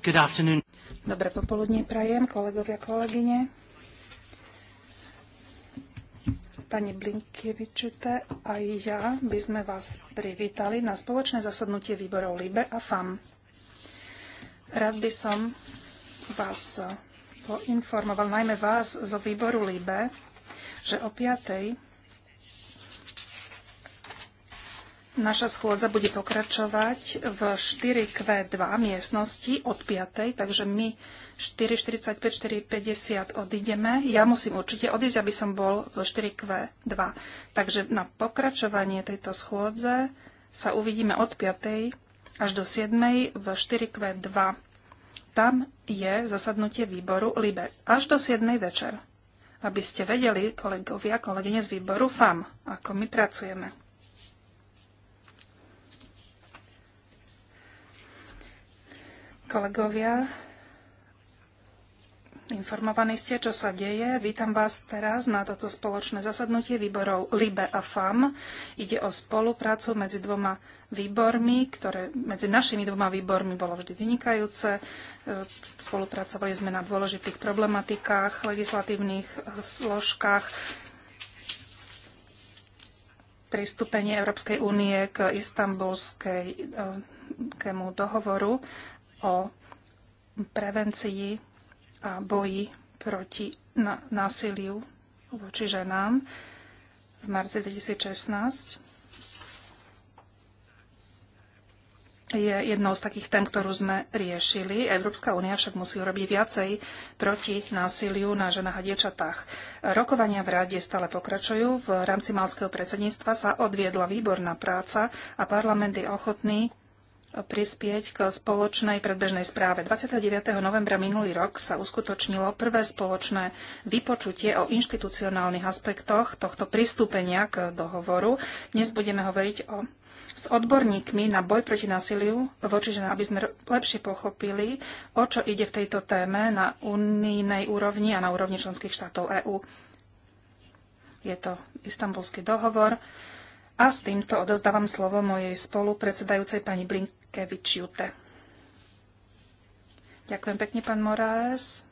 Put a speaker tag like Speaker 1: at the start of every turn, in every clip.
Speaker 1: Good afternoon.
Speaker 2: Dobré popoludne prajem, kolegovia, kolegyne. Pani Blinkievičute a ja by sme vás privítali na spoločné zasadnutie výborov LIBE a FAM. Rád by som vás poinformoval, najmä vás zo výboru LIBE, že o 5. Naša schôdza bude pokračovať v 4Q2 miestnosti od 5. Takže my 4.45, 4.50 odídeme. Ja musím určite odísť, aby som bol v 4Q2. Takže na pokračovanie tejto schôdze sa uvidíme od 5. až do 7. v 4Q2. Tam je zasadnutie výboru LIBE až do 7. večer. Aby ste vedeli, kolegovia, kolegyne z výboru FAM, ako my pracujeme. Kolegovia, informovaní ste, čo sa deje. Vítam vás teraz na toto spoločné zasadnutie výborov LIBE a FAM. Ide o spoluprácu medzi dvoma výbormi, ktoré medzi našimi dvoma výbormi bolo vždy vynikajúce. E, spolupracovali sme na dôležitých problematikách, legislatívnych složkách, e, pristúpenie Európskej únie k istambulskému dohovoru o prevencii a boji proti násiliu voči ženám v marci 2016. je jednou z takých tém, ktorú sme riešili. Európska únia však musí urobiť viacej proti násiliu na ženách a dievčatách. Rokovania v rade stále pokračujú. V rámci malského predsedníctva sa odviedla výborná práca a parlament je ochotný prispieť k spoločnej predbežnej správe. 29. novembra minulý rok sa uskutočnilo prvé spoločné vypočutie o inštitucionálnych aspektoch tohto pristúpenia k dohovoru. Dnes budeme hovoriť o s odborníkmi na boj proti násiliu voči ženám, aby sme lepšie pochopili, o čo ide v tejto téme na unijnej úrovni a na úrovni členských štátov EÚ. Je to istambulský dohovor, a s týmto odozdávam slovo mojej predsedajúcej pani Blinkevič Jute. Ďakujem pekne, pán Moraes.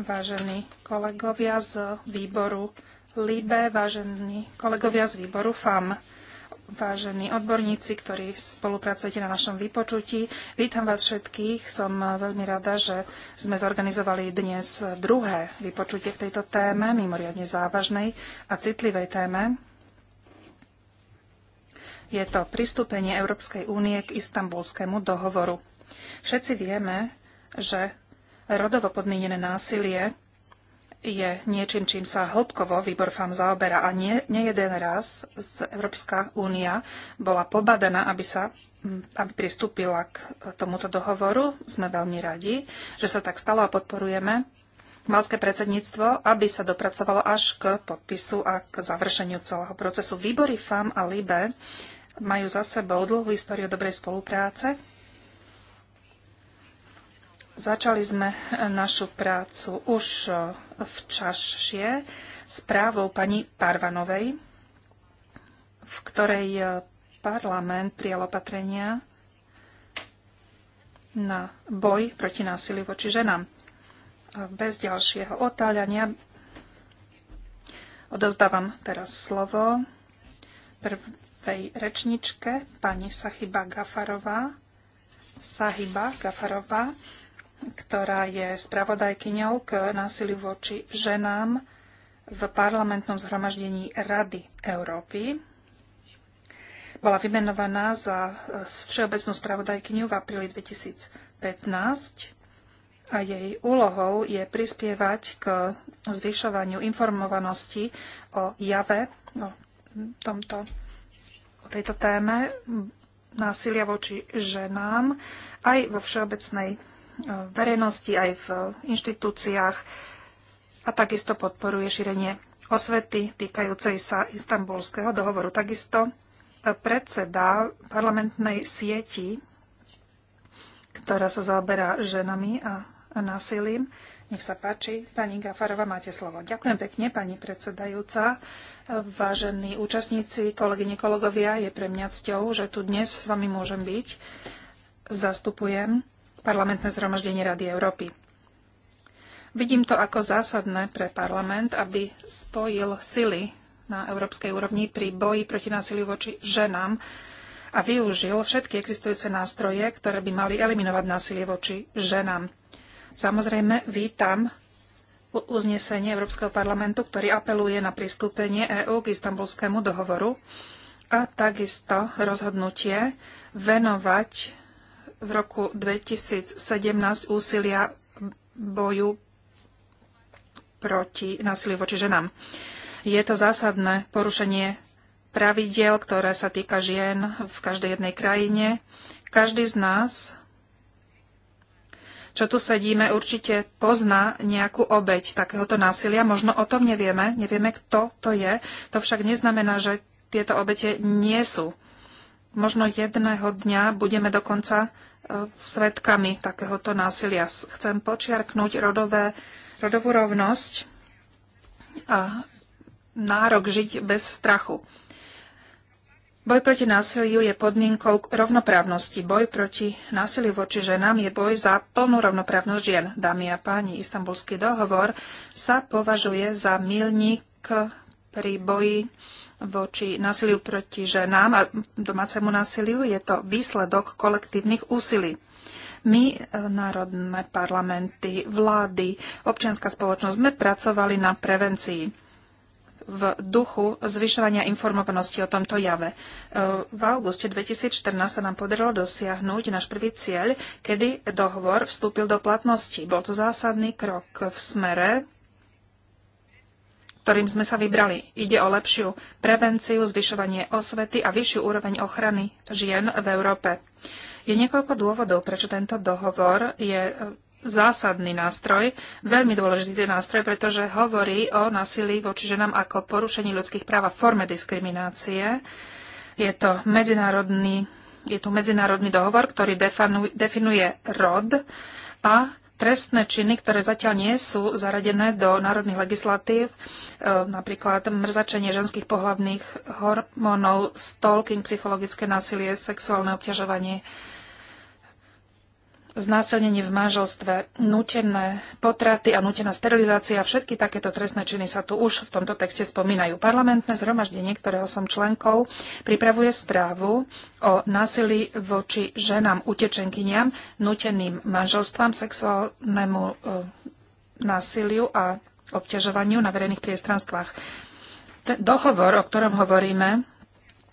Speaker 2: Vážení kolegovia z výboru LIBE, vážení kolegovia z výboru FAM, vážení odborníci, ktorí spolupracujete na našom vypočutí. Vítam vás všetkých. Som veľmi rada, že sme zorganizovali dnes druhé vypočutie k tejto téme, mimoriadne závažnej a citlivej téme. Je to pristúpenie Európskej únie k istambulskému dohovoru. Všetci vieme, že rodovo podmienené násilie je niečím, čím sa hĺbkovo výbor FAM zaoberá a nie, nie jeden raz z Európska únia bola pobadaná, aby sa aby pristúpila k tomuto dohovoru. Sme veľmi radi, že sa tak stalo a podporujeme malské predsedníctvo, aby sa dopracovalo až k podpisu a k završeniu celého procesu. Výbory FAM a LIBE majú za sebou dlhú históriu dobrej spolupráce. Začali sme našu prácu už v Čašie právou pani Parvanovej, v ktorej parlament prijal opatrenia na boj proti násiliu voči ženám. Bez ďalšieho otáľania odovzdávam teraz slovo prv, tej rečničke, pani Sahiba Gafarová, Sahiba Gafarová, ktorá je spravodajkyňou k násiliu voči ženám v parlamentnom zhromaždení Rady Európy. Bola vymenovaná za eh, všeobecnú spravodajkyňu v apríli 2015 a jej úlohou je prispievať k zvyšovaniu informovanosti o jave, o tomto tejto téme násilia voči ženám aj vo všeobecnej e, verejnosti, aj v inštitúciách a takisto podporuje šírenie osvety týkajúcej sa istambulského dohovoru. Takisto e, predseda parlamentnej sieti, ktorá sa zaoberá ženami a násilím, nech sa páči. Pani Gafarova, máte slovo. Ďakujem pekne, pani predsedajúca. Vážení účastníci, kolegyne, kolegovia, je pre mňa cťou, že tu dnes s vami môžem byť. Zastupujem parlamentné zhromaždenie Rady Európy. Vidím to ako zásadné pre parlament, aby spojil sily na európskej úrovni pri boji proti násiliu voči ženám a využil všetky existujúce nástroje, ktoré by mali eliminovať násilie voči ženám. Samozrejme, vítam uznesenie Európskeho parlamentu, ktorý apeluje na pristúpenie EÚ k istambulskému dohovoru a takisto rozhodnutie venovať v roku 2017 úsilia boju proti násiliu voči ženám. Je to zásadné porušenie pravidiel, ktoré sa týka žien v každej jednej krajine. Každý z nás čo tu sedíme, určite pozná nejakú obeď takéhoto násilia. Možno o tom nevieme, nevieme, kto to je. To však neznamená, že tieto obete nie sú. Možno jedného dňa budeme dokonca e, svetkami takéhoto násilia. Chcem počiarknúť rodové, rodovú rovnosť a nárok žiť bez strachu. Boj proti násiliu je podmienkou rovnoprávnosti. Boj proti násiliu voči ženám je boj za plnú rovnoprávnosť žien. Dámy a páni, istambulský dohovor sa považuje za milník pri boji voči násiliu proti ženám a domácemu násiliu. Je to výsledok kolektívnych úsilí. My, e, národné parlamenty, vlády, občianská spoločnosť, sme pracovali na prevencii v duchu zvyšovania informovanosti o tomto jave. E, v auguste 2014 sa nám podarilo dosiahnuť náš prvý cieľ, kedy dohovor vstúpil do platnosti. Bol to zásadný krok v smere, ktorým sme sa vybrali. Ide o lepšiu prevenciu, zvyšovanie osvety a vyššiu úroveň ochrany žien v Európe. Je niekoľko dôvodov, prečo tento dohovor je e, zásadný nástroj, veľmi dôležitý nástroj, pretože hovorí o násilí voči ženám ako porušení ľudských práv a forme diskriminácie. Je to medzinárodný, je tu medzinárodný dohovor, ktorý definuje, definuje rod a trestné činy, ktoré zatiaľ nie sú zaradené do národných legislatív, e, napríklad mrzačenie ženských pohľavných hormónov, stalking, psychologické násilie, sexuálne obťažovanie, znásilnenie v manželstve, nutené potraty a nutená sterilizácia. Všetky takéto trestné činy sa tu už v tomto texte spomínajú. Parlamentné zhromaždenie, ktorého som členkou, pripravuje správu o násilí voči ženám utečenkyniam, nuteným manželstvám, sexuálnemu e, násiliu a obťažovaniu na verejných priestranstvách. Ten dohovor, o ktorom hovoríme,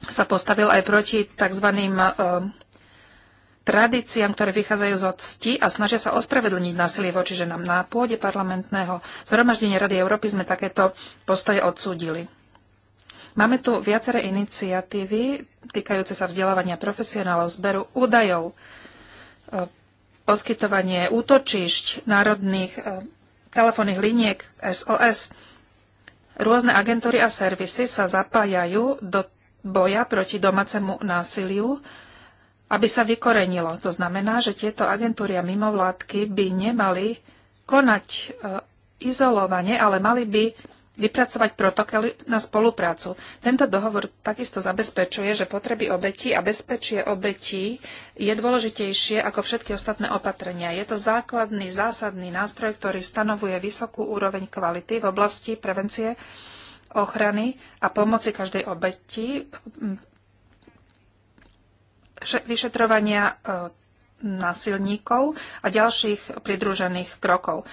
Speaker 2: sa postavil aj proti tzv. E, eh, tradíciám, ktoré vychádzajú zo cti a snažia sa ospravedlniť násilie voči ženám. Na pôde parlamentného zhromaždenia Rady Európy sme takéto postoje odsúdili. Máme tu viaceré iniciatívy týkajúce sa vzdelávania profesionálov, zberu údajov, e, poskytovanie útočišť národných e, telefónnych liniek SOS. Rôzne agentúry a servisy sa zapájajú do boja proti domácemu násiliu aby sa vykorenilo. To znamená, že tieto agentúry a mimovládky by nemali konať e, izolovane, ale mali by vypracovať protokoly na spoluprácu. Tento dohovor takisto zabezpečuje, že potreby obetí a bezpečie obetí je dôležitejšie ako všetky ostatné opatrenia. Je to základný, zásadný nástroj, ktorý stanovuje vysokú úroveň kvality v oblasti prevencie, ochrany a pomoci každej obeti vyšetrovania e, násilníkov a ďalších pridružených krokov.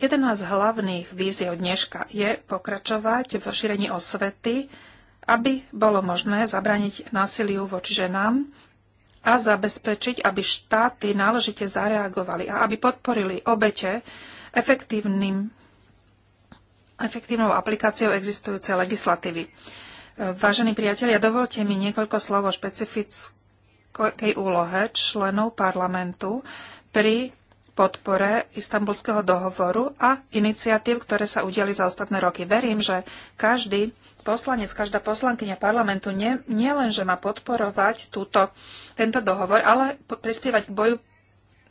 Speaker 2: Jedna z hlavných víziev dneška je pokračovať v šírení osvety, aby bolo možné zabrániť násiliu voči ženám a zabezpečiť, aby štáty náležite zareagovali a aby podporili obete efektívnym, efektívnou aplikáciou existujúcej legislatívy. E, vážení priatelia, dovolte mi niekoľko slov o špecifických akej úlohe členov parlamentu pri podpore istambulského dohovoru a iniciatív, ktoré sa udiali za ostatné roky. Verím, že každý poslanec, každá poslankyňa parlamentu nie, nie len, že má podporovať túto, tento dohovor, ale prispievať k boju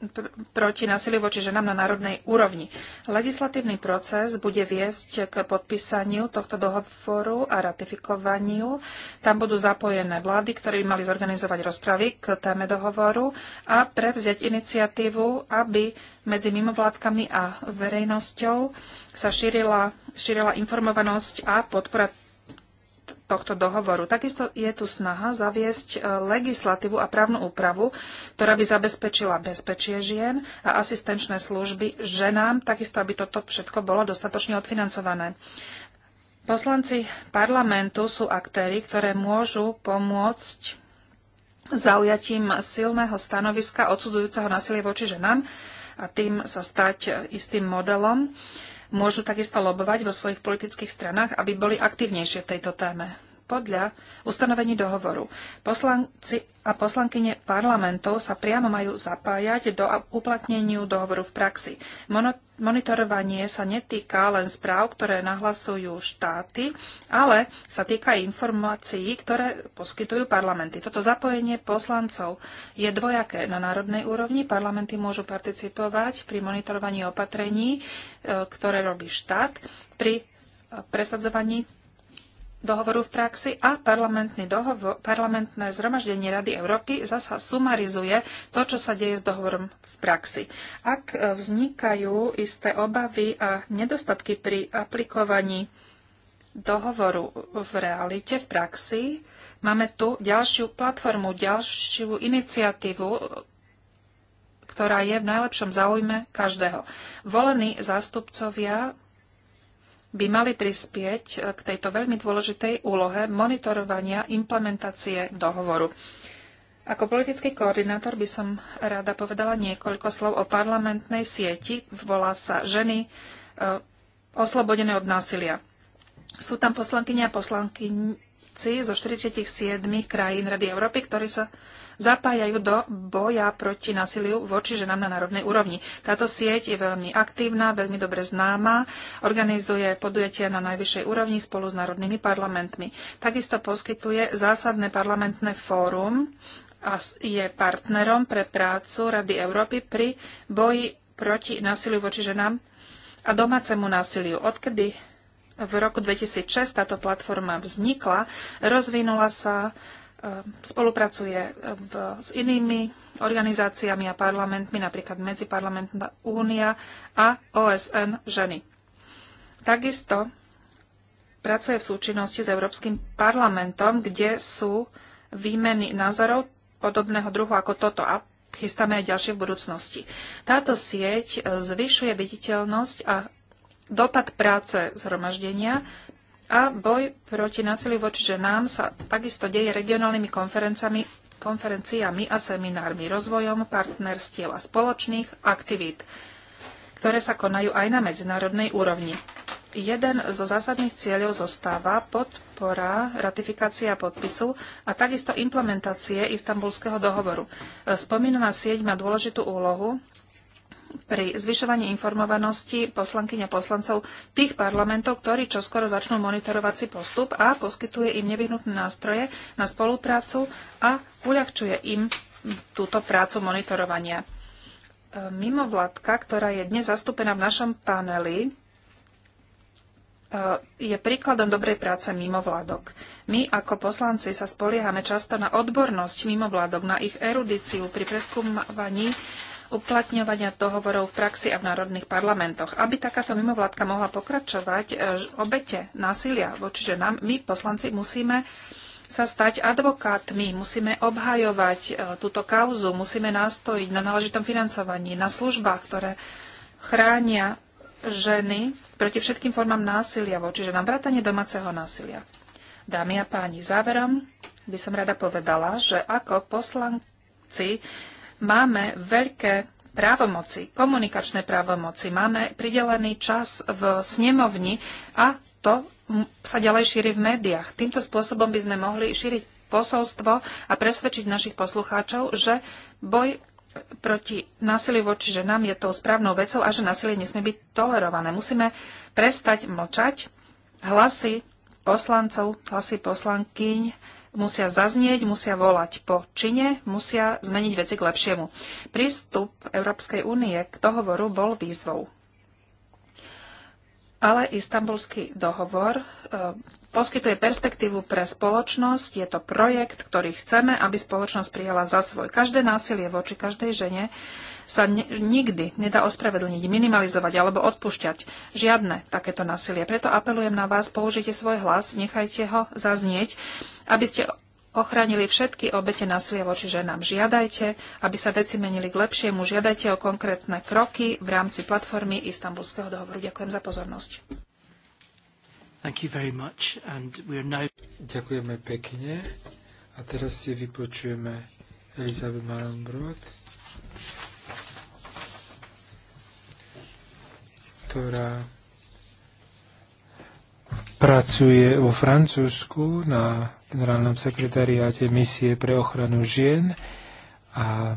Speaker 2: pr- proti násiliu voči ženám na národnej úrovni. Legislatívny proces bude viesť k podpísaniu tohto dohovoru a ratifikovaniu. Tam budú zapojené vlády, ktoré by mali zorganizovať rozpravy k téme dohovoru a prevziať iniciatívu, aby medzi mimovládkami a verejnosťou sa šírila, šírila informovanosť a podpora tohto dohovoru. Takisto je tu snaha zaviesť e, legislatívu a právnu úpravu, ktorá by zabezpečila bezpečie žien a asistenčné služby ženám, takisto aby toto všetko bolo dostatočne odfinancované. Poslanci parlamentu sú aktéry, ktoré môžu pomôcť zaujatím silného stanoviska odsudzujúceho násilie voči ženám a tým sa stať istým modelom. Uh, môžu takisto lobovať vo svojich politických stranách, aby boli aktívnejšie v tejto téme podľa ustanovení dohovoru. Poslanci a poslankyne parlamentov sa priamo majú zapájať do uplatneniu dohovoru v praxi. Monitorovanie sa netýka len správ, ktoré nahlasujú štáty, ale sa týka informácií, ktoré poskytujú parlamenty. Toto zapojenie poslancov je dvojaké. Na národnej úrovni parlamenty môžu participovať pri monitorovaní opatrení, e, ktoré robí štát, pri presadzovaní dohovoru v praxi a parlamentný dohovor, parlamentné zhromaždenie Rady Európy zasa sumarizuje to, čo sa deje s dohovorom v praxi. Ak e, vznikajú isté obavy a nedostatky pri aplikovaní dohovoru v realite, v praxi, máme tu ďalšiu platformu, ďalšiu iniciatívu, ktorá je v najlepšom záujme každého. Volení zástupcovia by mali prispieť e, k tejto veľmi dôležitej úlohe monitorovania implementácie dohovoru. Ako politický koordinátor by som rada povedala niekoľko slov o parlamentnej sieti. Volá sa Ženy e, oslobodené od násilia. Sú tam poslankyne a poslankyni zo 47 krajín Rady Európy, ktorí sa zapájajú do boja proti nasiliu voči ženám na národnej úrovni. Táto sieť je veľmi aktívna, veľmi dobre známa, organizuje podujatia na najvyššej úrovni spolu s národnými parlamentmi. Takisto poskytuje zásadné parlamentné fórum a je partnerom pre prácu Rady Európy pri boji proti násiliu voči ženám a domácemu násiliu. Odkedy v roku 2006 táto platforma vznikla, rozvinula sa E, spolupracuje e, v, s inými organizáciami a parlamentmi, napríklad Medziparlamentná únia a OSN ženy. Takisto pracuje v súčinnosti s Európskym parlamentom, kde sú výmeny názorov podobného druhu ako toto a chystáme aj ďalšie v budúcnosti. Táto sieť zvyšuje viditeľnosť a dopad práce zhromaždenia a boj proti násiliu voči ženám sa takisto deje regionálnymi konferenciami, konferenciami a seminármi, rozvojom partnerstiev a spoločných aktivít, ktoré sa konajú aj na medzinárodnej úrovni. Jeden zo zásadných cieľov zostáva podpora, ratifikácia podpisu a takisto implementácie Istanbulského dohovoru. Spomínaná sieť má dôležitú úlohu pri zvyšovaní informovanosti poslankyň a poslancov tých parlamentov, ktorí čoskoro začnú monitorovať si postup a poskytuje im nevyhnutné nástroje na spoluprácu a uľahčuje im túto prácu monitorovania. E, Mimovládka, ktorá je dnes zastúpená v našom paneli, e, je príkladom dobrej práce mimovládok. My ako poslanci sa spoliehame často na odbornosť mimovládok, na ich erudíciu pri preskúmaní uplatňovania dohovorov v praxi a v národných parlamentoch. Aby takáto mimovládka mohla pokračovať, e, obete násilia voči ženám, my poslanci musíme sa stať advokátmi, musíme obhajovať e, túto kauzu, musíme nástojiť na náležitom financovaní, na službách, ktoré chránia ženy proti všetkým formám násilia voči ženám, vrátanie domáceho násilia. Dámy a páni, záverom by som rada povedala, že ako poslanci máme veľké právomoci, komunikačné právomoci, máme pridelený čas v snemovni a to sa ďalej šíri v médiách. Týmto spôsobom by sme mohli šíriť posolstvo a presvedčiť našich poslucháčov, že boj proti násiliu voči ženám je tou správnou vecou a že násilie nesmie byť tolerované. Musíme prestať mlčať. Hlasy poslancov, hlasy poslankyň musia zaznieť, musia volať po čine, musia zmeniť veci k lepšiemu. Prístup Európskej únie k dohovoru bol výzvou. Ale istambulský dohovor e, poskytuje perspektívu pre spoločnosť. Je to projekt, ktorý chceme, aby spoločnosť prijala za svoj. Každé násilie voči každej žene sa ne, nikdy nedá ospravedlniť, minimalizovať alebo odpúšťať. Žiadne takéto násilie. Preto apelujem na vás, použite svoj hlas, nechajte ho zaznieť, aby ste ochránili všetky obete násilia voči ženám. Žiadajte, aby sa veci menili k lepšiemu. Žiadajte o konkrétne kroky v rámci platformy Istanbulského dohovoru. Ďakujem za pozornosť.
Speaker 1: Now... Ďakujeme pekne. A teraz si vypočujeme Elizabeth Malenbrod. ktorá pracuje vo Francúzsku na generálnom sekretariáte misie pre ochranu žien a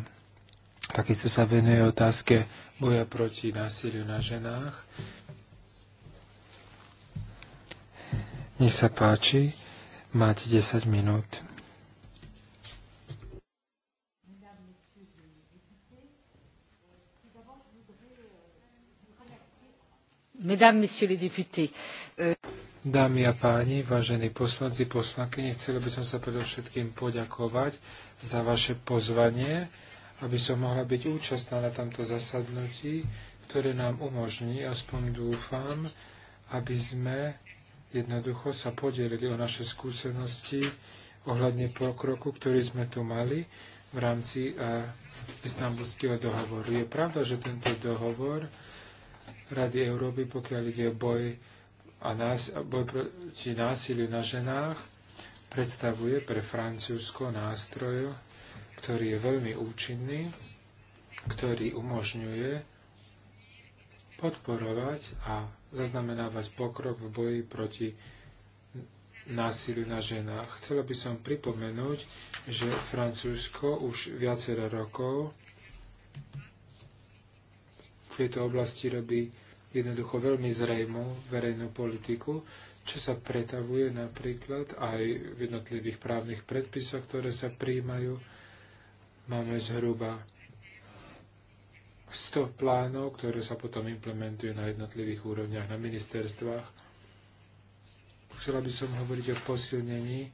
Speaker 1: takisto sa venuje otázke boja proti násiliu na ženách. Nech sa páči, máte 10 minút.
Speaker 3: Mesdames, Messieurs les députés. Euh,
Speaker 1: Dámy a páni, vážení poslanci, poslanky, chcela by som sa predovšetkým poďakovať za vaše pozvanie, aby som mohla byť účastná na tomto zasadnutí, ktoré nám umožní, aspoň dúfam, aby sme jednoducho sa podelili o naše skúsenosti ohľadne pokroku, ktorý sme tu mali v rámci eh, istambulského dohovoru. Je pravda, že tento dohovor Rady Európy, pokiaľ ide o boj, a nás, boj proti násiliu na ženách, predstavuje pre Francúzsko nástroj, ktorý je veľmi účinný, ktorý umožňuje podporovať a zaznamenávať pokrok v boji proti násiliu na ženách. Chcela by som pripomenúť, že Francúzsko už viacero rokov tejto oblasti robí jednoducho veľmi zrejmú verejnú politiku, čo sa pretavuje napríklad aj v jednotlivých právnych predpisoch, ktoré sa príjmajú. Máme zhruba 100 plánov, ktoré sa potom implementujú na jednotlivých úrovniach, na ministerstvách. Chcela by som hovoriť o posilnení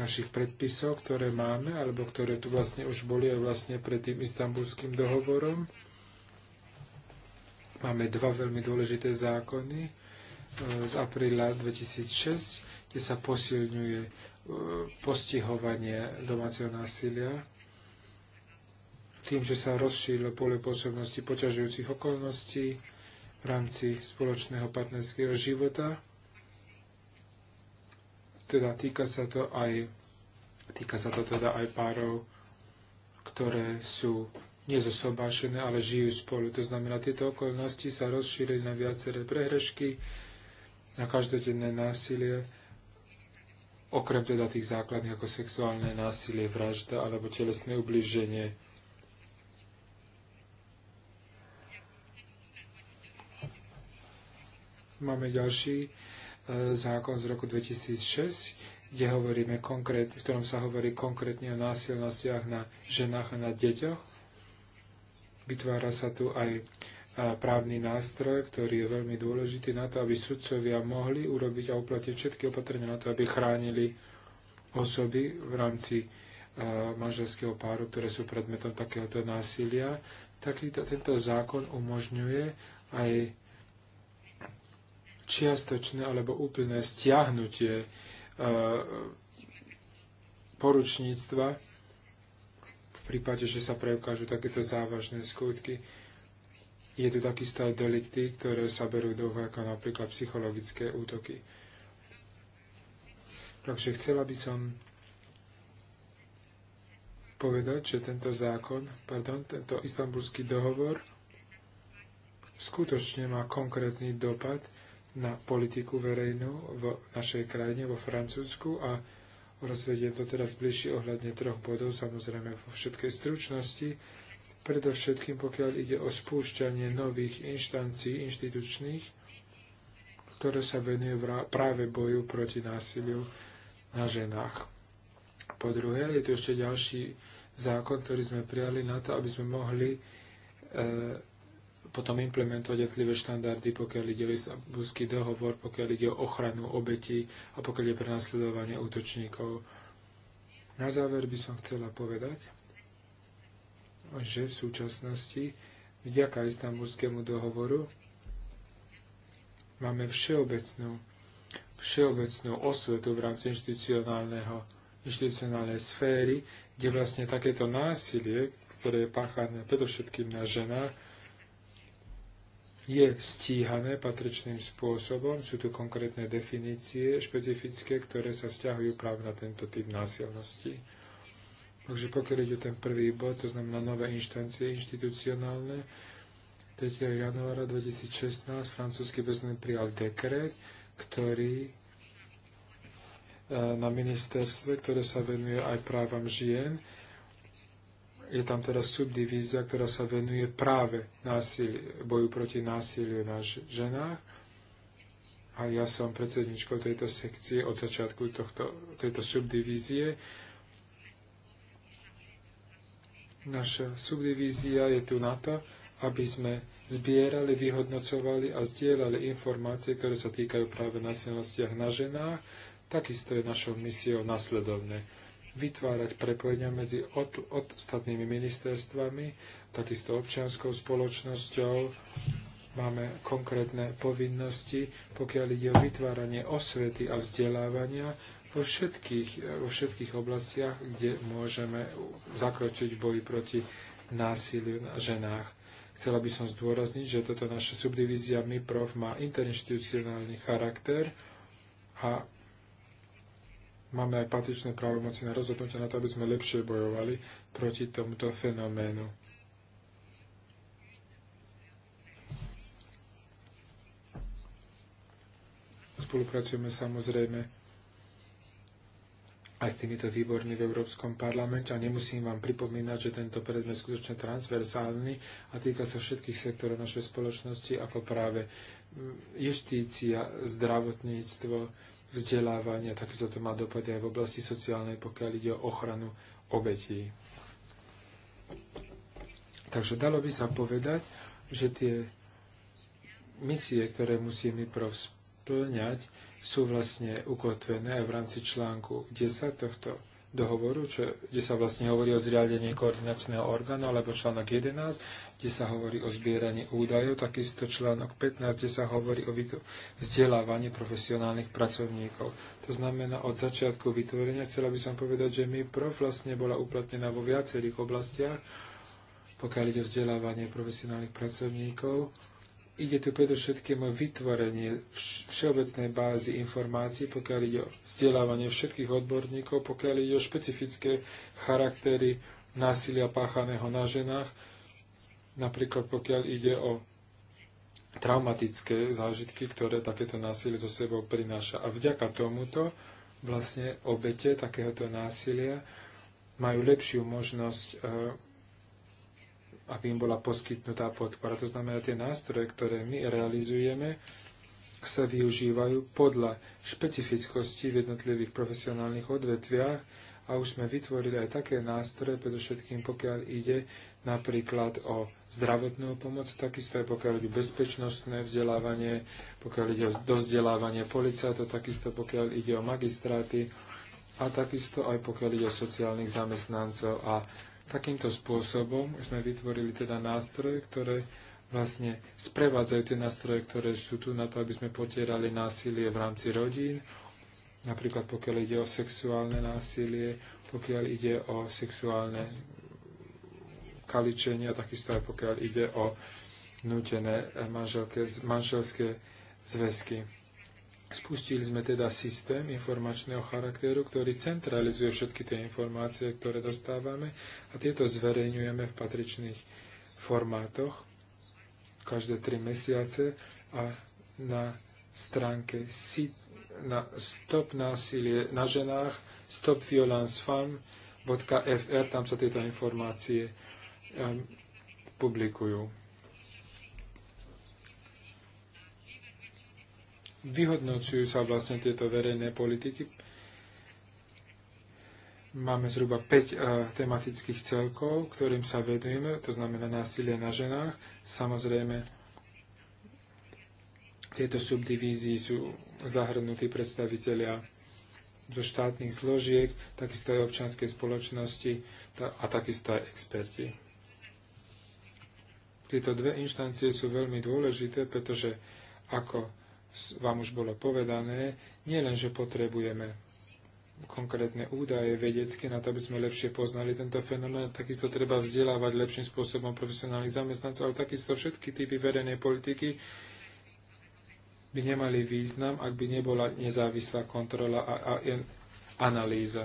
Speaker 1: našich predpisov, ktoré máme, alebo ktoré tu vlastne už boli aj vlastne pred tým istambulským dohovorom. Máme dva veľmi dôležité zákony e, z apríla 2006, kde sa posilňuje e, postihovanie domáceho násilia tým, že sa rozšírilo pole pôsobnosti poťažujúcich okolností v rámci spoločného partnerského života. Teda týka sa to aj, týka sa to teda aj párov, ktoré sú nezosobášené, ale žijú spolu. To znamená, tieto okolnosti sa rozšírili na viaceré prehrešky, na každodenné násilie, okrem teda tých základných ako sexuálne násilie, vražda alebo telesné ubliženie. Máme ďalší e, zákon z roku 2006, kde hovoríme konkrét, v ktorom sa hovorí konkrétne o násilnostiach na ženách a na deťoch Vytvára sa tu aj právny nástroj, ktorý je veľmi dôležitý na to, aby sudcovia mohli urobiť a uplatiť všetky opatrenia na to, aby chránili osoby v rámci manželského páru, ktoré sú predmetom takéhoto násilia. Takýto, tento zákon umožňuje aj čiastočné alebo úplné stiahnutie poručníctva prípade, že sa preukážu takéto závažné skutky. Je tu takisto aj delikty, ktoré sa berú do ako napríklad psychologické útoky. Takže chcela by som povedať, že tento zákon, pardon, tento istambulský dohovor skutočne má konkrétny dopad na politiku verejnú v našej krajine, vo Francúzsku a rozvediem to teraz bližšie ohľadne troch bodov, samozrejme vo všetkej stručnosti. Predovšetkým, pokiaľ ide o spúšťanie nových inštancií inštitučných, ktoré sa venujú práve boju proti násiliu na ženách. Po druhé, je tu ešte ďalší zákon, ktorý sme prijali na to, aby sme mohli e, potom implementovať jednotlivé štandardy, pokiaľ ide o istambulský dohovor, pokiaľ ide o ochranu obetí a pokiaľ ide prenasledovanie útočníkov. Na záver by som chcela povedať, že v súčasnosti vďaka istambulskému dohovoru máme všeobecnú, všeobecnú osvetu v rámci inštitucionálneho, inštitucionálnej sféry, kde vlastne takéto násilie, ktoré je páchané predovšetkým na ženách, je stíhané patričným spôsobom. Sú tu konkrétne definície špecifické, ktoré sa vzťahujú práve na tento typ násilnosti. Takže pokiaľ ide o ten prvý bod, to znamená nové inštancie inštitucionálne, 3. januára 2016 francúzsky prezident prijal dekret, ktorý eh, na ministerstve, ktoré sa venuje aj právam žien, je tam teda subdivízia, ktorá sa venuje práve násilie, boju proti násiliu na ženách. A ja som predsedničkou tejto sekcie od začiatku tohto, tejto subdivízie. Naša subdivízia je tu na to, aby sme zbierali, vyhodnocovali a zdieľali informácie, ktoré sa týkajú práve násilnostiach na ženách. Takisto je našou misiou nasledovné vytvárať prepojenia medzi od, ostatnými ministerstvami, takisto občianskou spoločnosťou. Máme konkrétne povinnosti, pokiaľ ide o vytváranie osvety a vzdelávania vo všetkých, vo všetkých oblastiach, kde môžeme zakročiť v boji proti násiliu na ženách. Chcela by som zdôrazniť, že toto naša subdivízia MIPROV má interinstitucionálny charakter a máme aj patričné právomoci na rozhodnutia na to, aby sme lepšie bojovali proti tomuto fenoménu. Spolupracujeme samozrejme aj s týmito výbormi v Európskom parlamente a nemusím vám pripomínať, že tento predmet je skutočne transversálny a týka sa všetkých sektorov našej spoločnosti, ako práve justícia, zdravotníctvo, vzdelávania, takisto to má dopady aj v oblasti sociálnej, pokiaľ ide o ochranu obetí. Takže dalo by sa povedať, že tie misie, ktoré musíme MIPROV sú vlastne ukotvené aj v rámci článku 10 tohto dohovoru, čo, kde sa vlastne hovorí o zriadení koordinačného orgánu, alebo článok 11, kde sa hovorí o zbieraní údajov, takisto článok 15, kde sa hovorí o vzdelávaní profesionálnych pracovníkov. To znamená, od začiatku vytvorenia chcela by som povedať, že mi prof vlastne bola uplatnená vo viacerých oblastiach, pokiaľ ide o vzdelávanie profesionálnych pracovníkov ide tu predovšetkým o vytvorenie všeobecnej bázy informácií, pokiaľ ide o vzdelávanie všetkých odborníkov, pokiaľ ide o špecifické charaktery násilia páchaného na ženách, napríklad pokiaľ ide o traumatické zážitky, ktoré takéto násilie so sebou prináša. A vďaka tomuto vlastne obete takéhoto násilia majú lepšiu možnosť e, aby im bola poskytnutá podpora. To znamená, tie nástroje, ktoré my realizujeme, sa využívajú podľa špecifickosti v jednotlivých profesionálnych odvetviach a už sme vytvorili aj také nástroje, predovšetkým pokiaľ ide napríklad o zdravotnú pomoc, takisto aj pokiaľ ide o bezpečnostné vzdelávanie, pokiaľ ide o dozdelávanie policajtov, takisto pokiaľ ide o magistráty a takisto aj pokiaľ ide o sociálnych zamestnancov a Takýmto spôsobom sme vytvorili teda nástroje, ktoré vlastne sprevádzajú tie nástroje, ktoré sú tu na to, aby sme potierali násilie v rámci rodín, napríklad pokiaľ ide o sexuálne násilie, pokiaľ ide o sexuálne kaličenie a takisto aj pokiaľ ide o nutené manželské, manželské zväzky. Spustili sme teda systém informačného charakteru, ktorý centralizuje všetky tie informácie, ktoré dostávame a tieto zverejňujeme v patričných formátoch každé tri mesiace a na stránke na stop násilie na ženách stopviolencefam.fr tam sa tieto informácie ehm, publikujú. vyhodnocujú sa vlastne tieto verejné politiky. Máme zhruba 5 a, eh, tematických celkov, ktorým sa vedujeme, to znamená násilie na ženách. Samozrejme, tieto subdivízii sú zahrnutí predstavitelia zo štátnych zložiek, takisto aj občianskej spoločnosti a takisto aj experti. Tieto dve inštancie sú veľmi dôležité, pretože ako vám už bolo povedané, nielen, že potrebujeme konkrétne údaje vedecké na to, aby sme lepšie poznali tento fenomén. Takisto treba vzdelávať lepším spôsobom profesionálnych zamestnancov, ale takisto všetky typy verejnej politiky by nemali význam, ak by nebola nezávislá kontrola a, a, a analýza.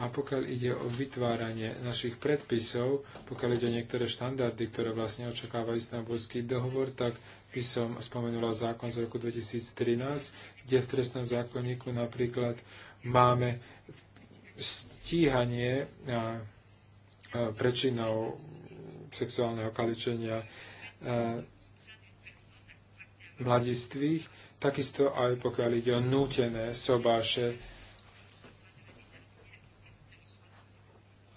Speaker 1: A pokiaľ ide o vytváranie našich predpisov, pokiaľ ide o niektoré štandardy, ktoré vlastne očakáva istambulský dohovor, tak by som spomenula zákon z roku 2013, kde v trestnom zákonníku napríklad máme stíhanie prečinov sexuálneho kaličenia mladistvých, takisto aj pokiaľ ide o nútené sobáše,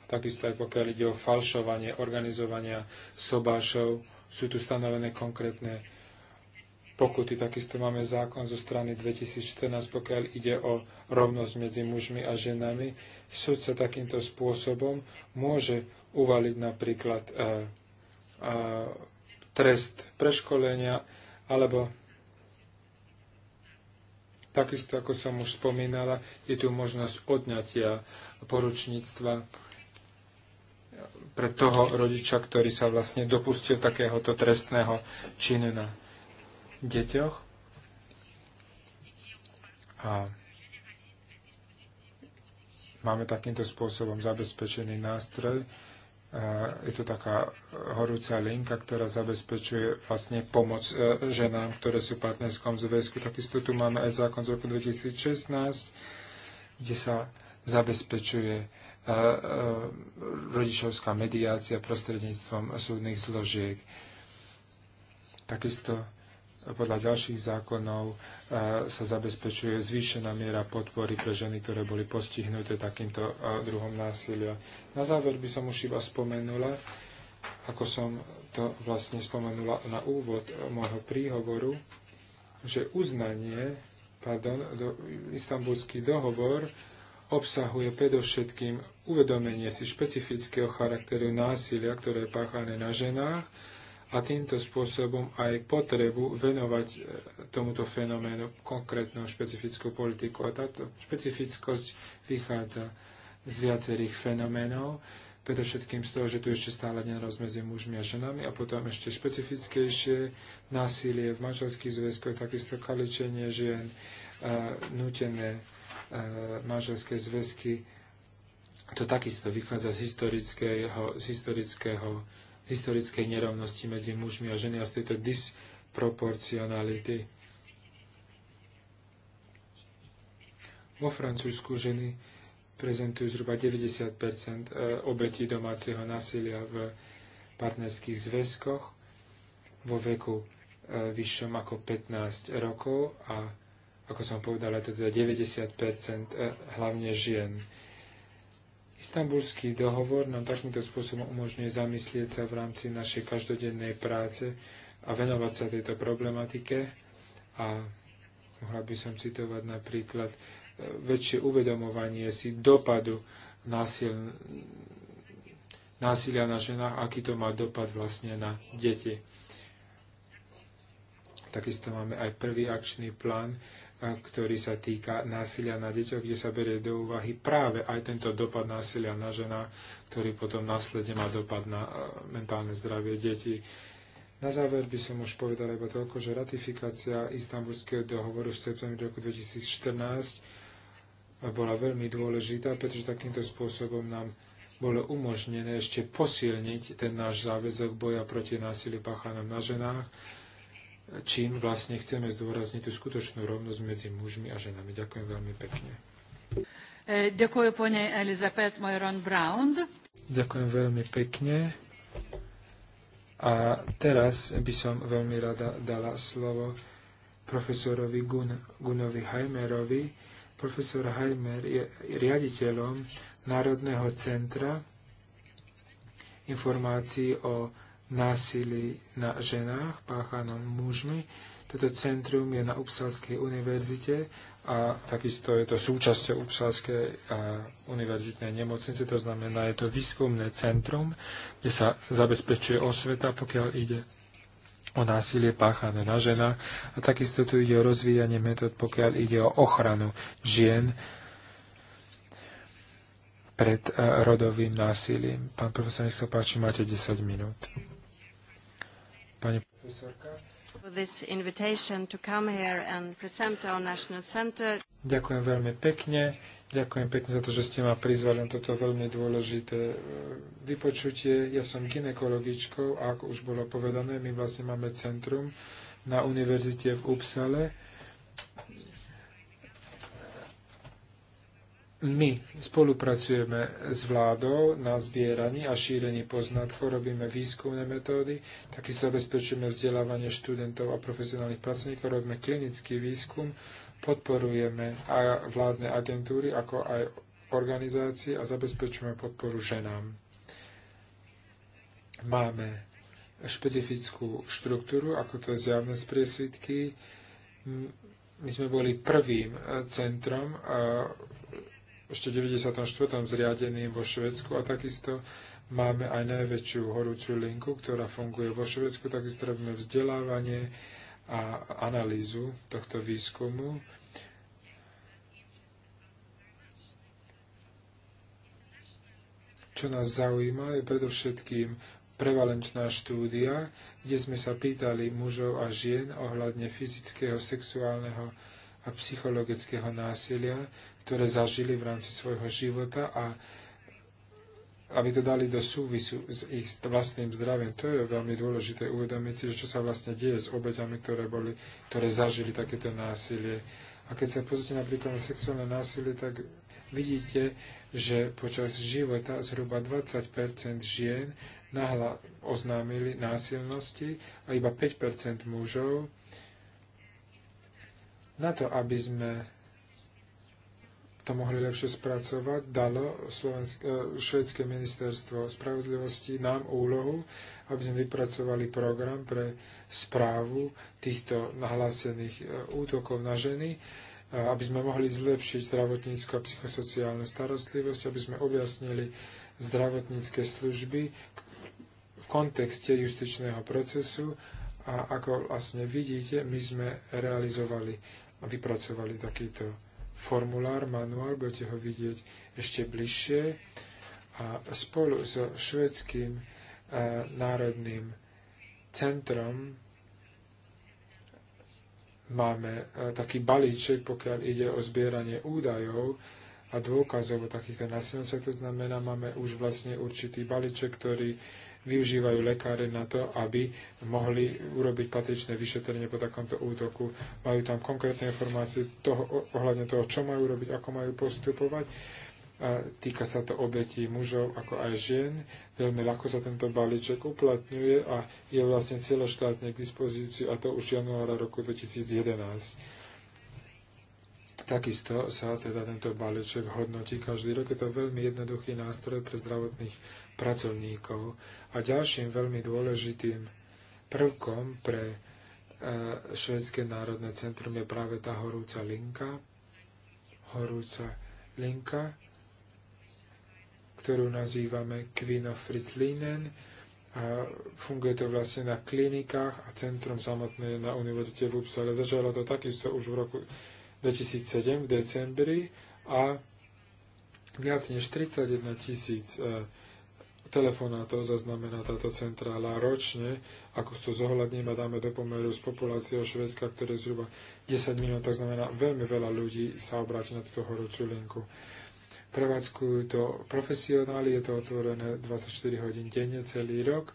Speaker 1: takisto aj pokiaľ ide o falšovanie, organizovania sobášov, sú tu stanovené konkrétne pokuty. Takisto máme zákon zo strany 2014, pokiaľ ide o rovnosť medzi mužmi a ženami. Súd sa takýmto spôsobom môže uvaliť napríklad e, e, trest preškolenia alebo takisto, ako som už spomínala, je tu možnosť odňatia poručníctva pre toho rodiča, ktorý sa vlastne dopustil takéhoto trestného činu na deťoch. A máme takýmto spôsobom zabezpečený nástroj. Je to taká horúca linka, ktorá zabezpečuje vlastne pomoc e, ženám, ktoré sú v partnerskom zväzku. Takisto tu máme aj zákon z roku 2016, kde sa zabezpečuje e, e, rodičovská mediácia prostredníctvom súdnych zložiek. Takisto podľa ďalších zákonov e, sa zabezpečuje zvýšená miera podpory pre ženy, ktoré boli postihnuté takýmto e, druhom násilia. Na záver by som už iba spomenula, ako som to vlastne spomenula na úvod môjho príhovoru, že uznanie, pardon, do, istambulský dohovor obsahuje predovšetkým uvedomenie si špecifického charakteru násilia, ktoré je páchané na ženách, a týmto spôsobom aj potrebu venovať e, tomuto fenoménu konkrétnu špecifickú politiku. A táto špecifickosť vychádza z viacerých fenoménov, predovšetkým z toho, že tu ešte stále neroz rozmedzi mužmi a ženami a potom ešte špecifickejšie násilie v manželských zväzkoch, takisto kaličenie žien, e, nutené e, manželské zväzky. To takisto vychádza z historického, z historického historickej nerovnosti medzi mužmi a ženy a z tejto disproporcionality. Vo Francúzsku ženy prezentujú zhruba 90 e, obetí domáceho násilia v partnerských zväzkoch vo veku e, vyššom ako 15 rokov a, ako som je to teda 90 e, hlavne žien. Istanbulský dohovor nám takýmto spôsobom umožňuje zamyslieť sa v rámci našej každodennej práce a venovať sa tejto problematike. A mohla by som citovať napríklad e, väčšie uvedomovanie si dopadu násil, násilia na ženách, aký to má dopad vlastne na deti. Takisto máme aj prvý akčný plán, e, ktorý sa týka násilia na deťoch, kde sa berie do úvahy práve aj tento dopad násilia na žena, ktorý potom následne má dopad na e, mentálne zdravie detí. Na záver by som už povedal iba toľko, že ratifikácia istambulského dohovoru v septembri roku 2014 bola veľmi dôležitá, pretože takýmto spôsobom nám bolo umožnené ešte posilniť ten náš záväzok boja proti násiliu páchanom na ženách čím vlastne chceme zdôrazniť tú skutočnú rovnosť medzi mužmi a ženami. Ďakujem veľmi pekne.
Speaker 2: E, ďakujem pani Elizabeth Moiron Brown.
Speaker 1: Ďakujem veľmi pekne. A teraz by som veľmi rada dala slovo profesorovi Gun, Gunovi Heimerovi. Profesor Heimer je riaditeľom Národného centra informácií o násilí na ženách páchanom mužmi. Toto centrum je na Upsalskej univerzite a takisto je to súčasťou Upsalskej univerzitnej nemocnice, to znamená, je to výskumné centrum, kde sa zabezpečuje osveta, pokiaľ ide o násilie páchané na ženách a takisto tu ide o rozvíjanie metód, pokiaľ ide o ochranu žien pred rodovým násilím. Pán profesor, nech sa páči, máte 10 minút pani profesorka. Ďakujem veľmi pekne. Ďakujem pekne za to, že ste ma prizvali na toto veľmi dôležité e, vypočutie. Ja som ginekologičkou a ako už bolo povedané, my vlastne máme centrum na univerzite v Upsale, My spolupracujeme s vládou na zbieraní a šírení poznatkov, robíme výskumné metódy, takisto zabezpečujeme vzdelávanie študentov a profesionálnych pracovníkov, robíme klinický výskum, podporujeme aj vládne agentúry, ako aj organizácie a zabezpečujeme podporu ženám. Máme špecifickú štruktúru, ako to je zjavné z priesvitky. My sme boli prvým eh, centrom eh, ešte 94. zriadeným vo Švedsku a takisto máme aj najväčšiu horúcu linku, ktorá funguje vo Švedsku, takisto robíme vzdelávanie a analýzu tohto výskumu. Čo nás zaujíma je predovšetkým prevalenčná štúdia, kde sme sa pýtali mužov a žien ohľadne fyzického, sexuálneho a psychologického násilia, ktoré zažili v rámci svojho života a aby to dali do súvisu s ich vlastným zdravím. To je veľmi dôležité uvedomiť si, že čo sa vlastne deje s obeťami, ktoré, boli, ktoré zažili takéto násilie. A keď sa pozrite napríklad na sexuálne násilie, tak vidíte, že počas života zhruba 20 žien nahla oznámili násilnosti a iba 5 mužov. Na to, aby sme to mohli lepšie spracovať, dalo e, švedské ministerstvo spravodlivosti nám úlohu, aby sme vypracovali program pre správu týchto nahlásených e, útokov na ženy, e, aby sme mohli zlepšiť zdravotníckú a psychosociálnu starostlivosť, aby sme objasnili zdravotnícke služby v kontexte justičného procesu a ako vlastne vidíte, my sme realizovali a vypracovali takýto formulár, manuál, budete ho vidieť ešte bližšie. A spolu so švedským eh, národným centrom máme eh, taký balíček, pokiaľ ide o zbieranie údajov a dôkazov o takýchto násilnostiach. To znamená, máme už vlastne určitý balíček, ktorý využívajú lekáre na to, aby mohli urobiť patričné vyšetrenie po takomto útoku. Majú tam konkrétne informácie toho, ohľadne toho, čo majú robiť, ako majú postupovať. A týka sa to obetí mužov ako aj žien. Veľmi ľahko sa tento balíček uplatňuje a je vlastne celoštátne k dispozícii a to už januára roku 2011. Takisto sa teda tento balíček hodnotí každý rok. Je to veľmi jednoduchý nástroj pre zdravotných pracovníkov. A ďalším veľmi dôležitým prvkom pre e, Švedské národné centrum je práve tá horúca linka, horúca linka, ktorú nazývame Kvino Fritzlinen. A funguje to vlastne na klinikách a centrum samotné na univerzite v Upsale. Začalo to takisto už v roku 2007 v decembri a viac než 31 tisíc e, telefonátov zaznamená táto centrála ročne, ako to zohľadníme, a dáme do pomeru s populáciou Švedska, ktoré je zhruba 10 minút, to znamená veľmi veľa ľudí sa obráti na túto horúcu linku. Prevádzkujú to profesionáli, je to otvorené 24 hodín denne celý rok,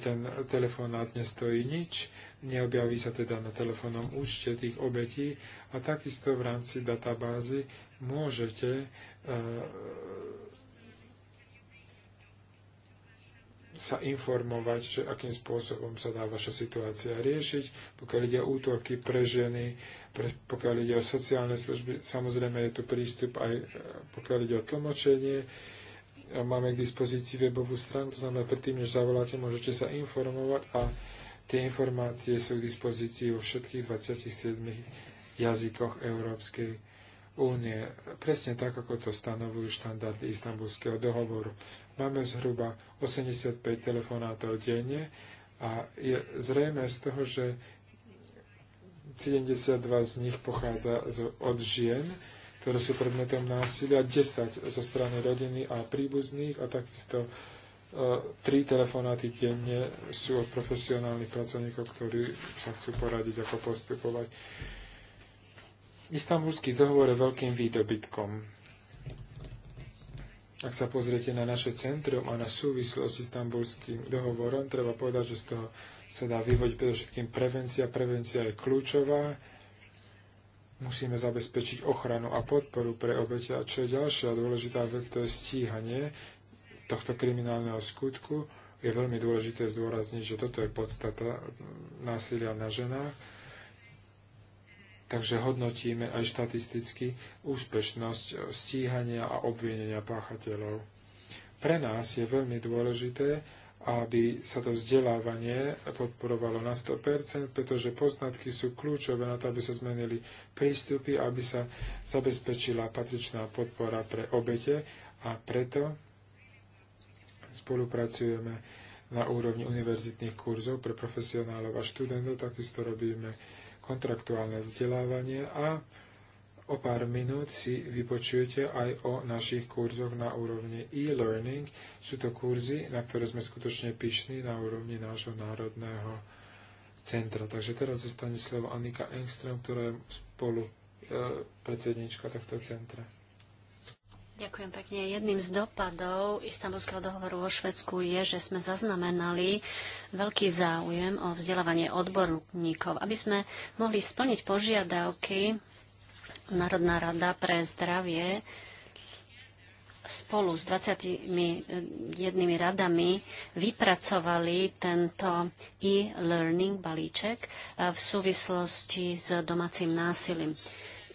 Speaker 1: ten telefonát nestojí nič, neobjaví sa teda na telefónnom účte tých obetí a takisto v rámci databázy môžete e, sa informovať, že akým spôsobom sa dá vaša situácia riešiť, pokiaľ ide o útoky pre ženy, pre, pokiaľ ide o sociálne služby, samozrejme je tu prístup aj e, pokiaľ ide o tlmočenie. E, máme k dispozícii webovú stránku, to znamená, predtým, než zavoláte, môžete sa informovať a tie informácie sú k dispozícii vo všetkých 27 jazykoch Európskej únie. Presne tak, ako to stanovujú štandardy Istanbulského dohovoru. Máme zhruba 85 telefonátov denne a je zrejme z toho, že 72 z nich pochádza z, od žien, ktoré sú predmetom násilia, 10 zo strany rodiny a príbuzných a takisto e, tri telefonáty denne sú od profesionálnych pracovníkov, ktorí sa chcú poradiť, ako postupovať. Istanbulský dohovor je veľkým výdobytkom. Ak sa pozriete na naše centrum a na súvislosti s tambulským dohovorom, treba povedať, že z toho sa dá vyvodiť predovšetkým prevencia. Prevencia je kľúčová. Musíme zabezpečiť ochranu a podporu pre obete. A čo je ďalšia dôležitá vec, to je stíhanie tohto kriminálneho skutku. Je veľmi dôležité zdôrazniť, že toto je podstata násilia na ženách Takže hodnotíme aj štatisticky úspešnosť stíhania a obvinenia páchateľov. Pre nás je veľmi dôležité, aby sa to vzdelávanie podporovalo na 100%, pretože poznatky sú kľúčové na to, aby sa zmenili prístupy, aby sa zabezpečila patričná podpora pre obete a preto spolupracujeme na úrovni univerzitných kurzov pre profesionálov a študentov, takisto robíme kontraktuálne vzdelávanie a o pár minút si vypočujete aj o našich kurzoch na úrovni e-learning. Sú to kurzy, na ktoré sme skutočne pyšní na úrovni nášho národného centra. Takže teraz zostane slovo Anika Engström, ktorá je spolu e, predsednička tohto centra.
Speaker 3: Ďakujem pekne. Jedným z dopadov Istanbulského dohovoru o Švedsku je, že sme zaznamenali veľký záujem o vzdelávanie odborníkov. Aby sme mohli splniť požiadavky, Národná rada pre zdravie spolu s 21 radami vypracovali tento e-learning balíček eh, v súvislosti s domácim násilím.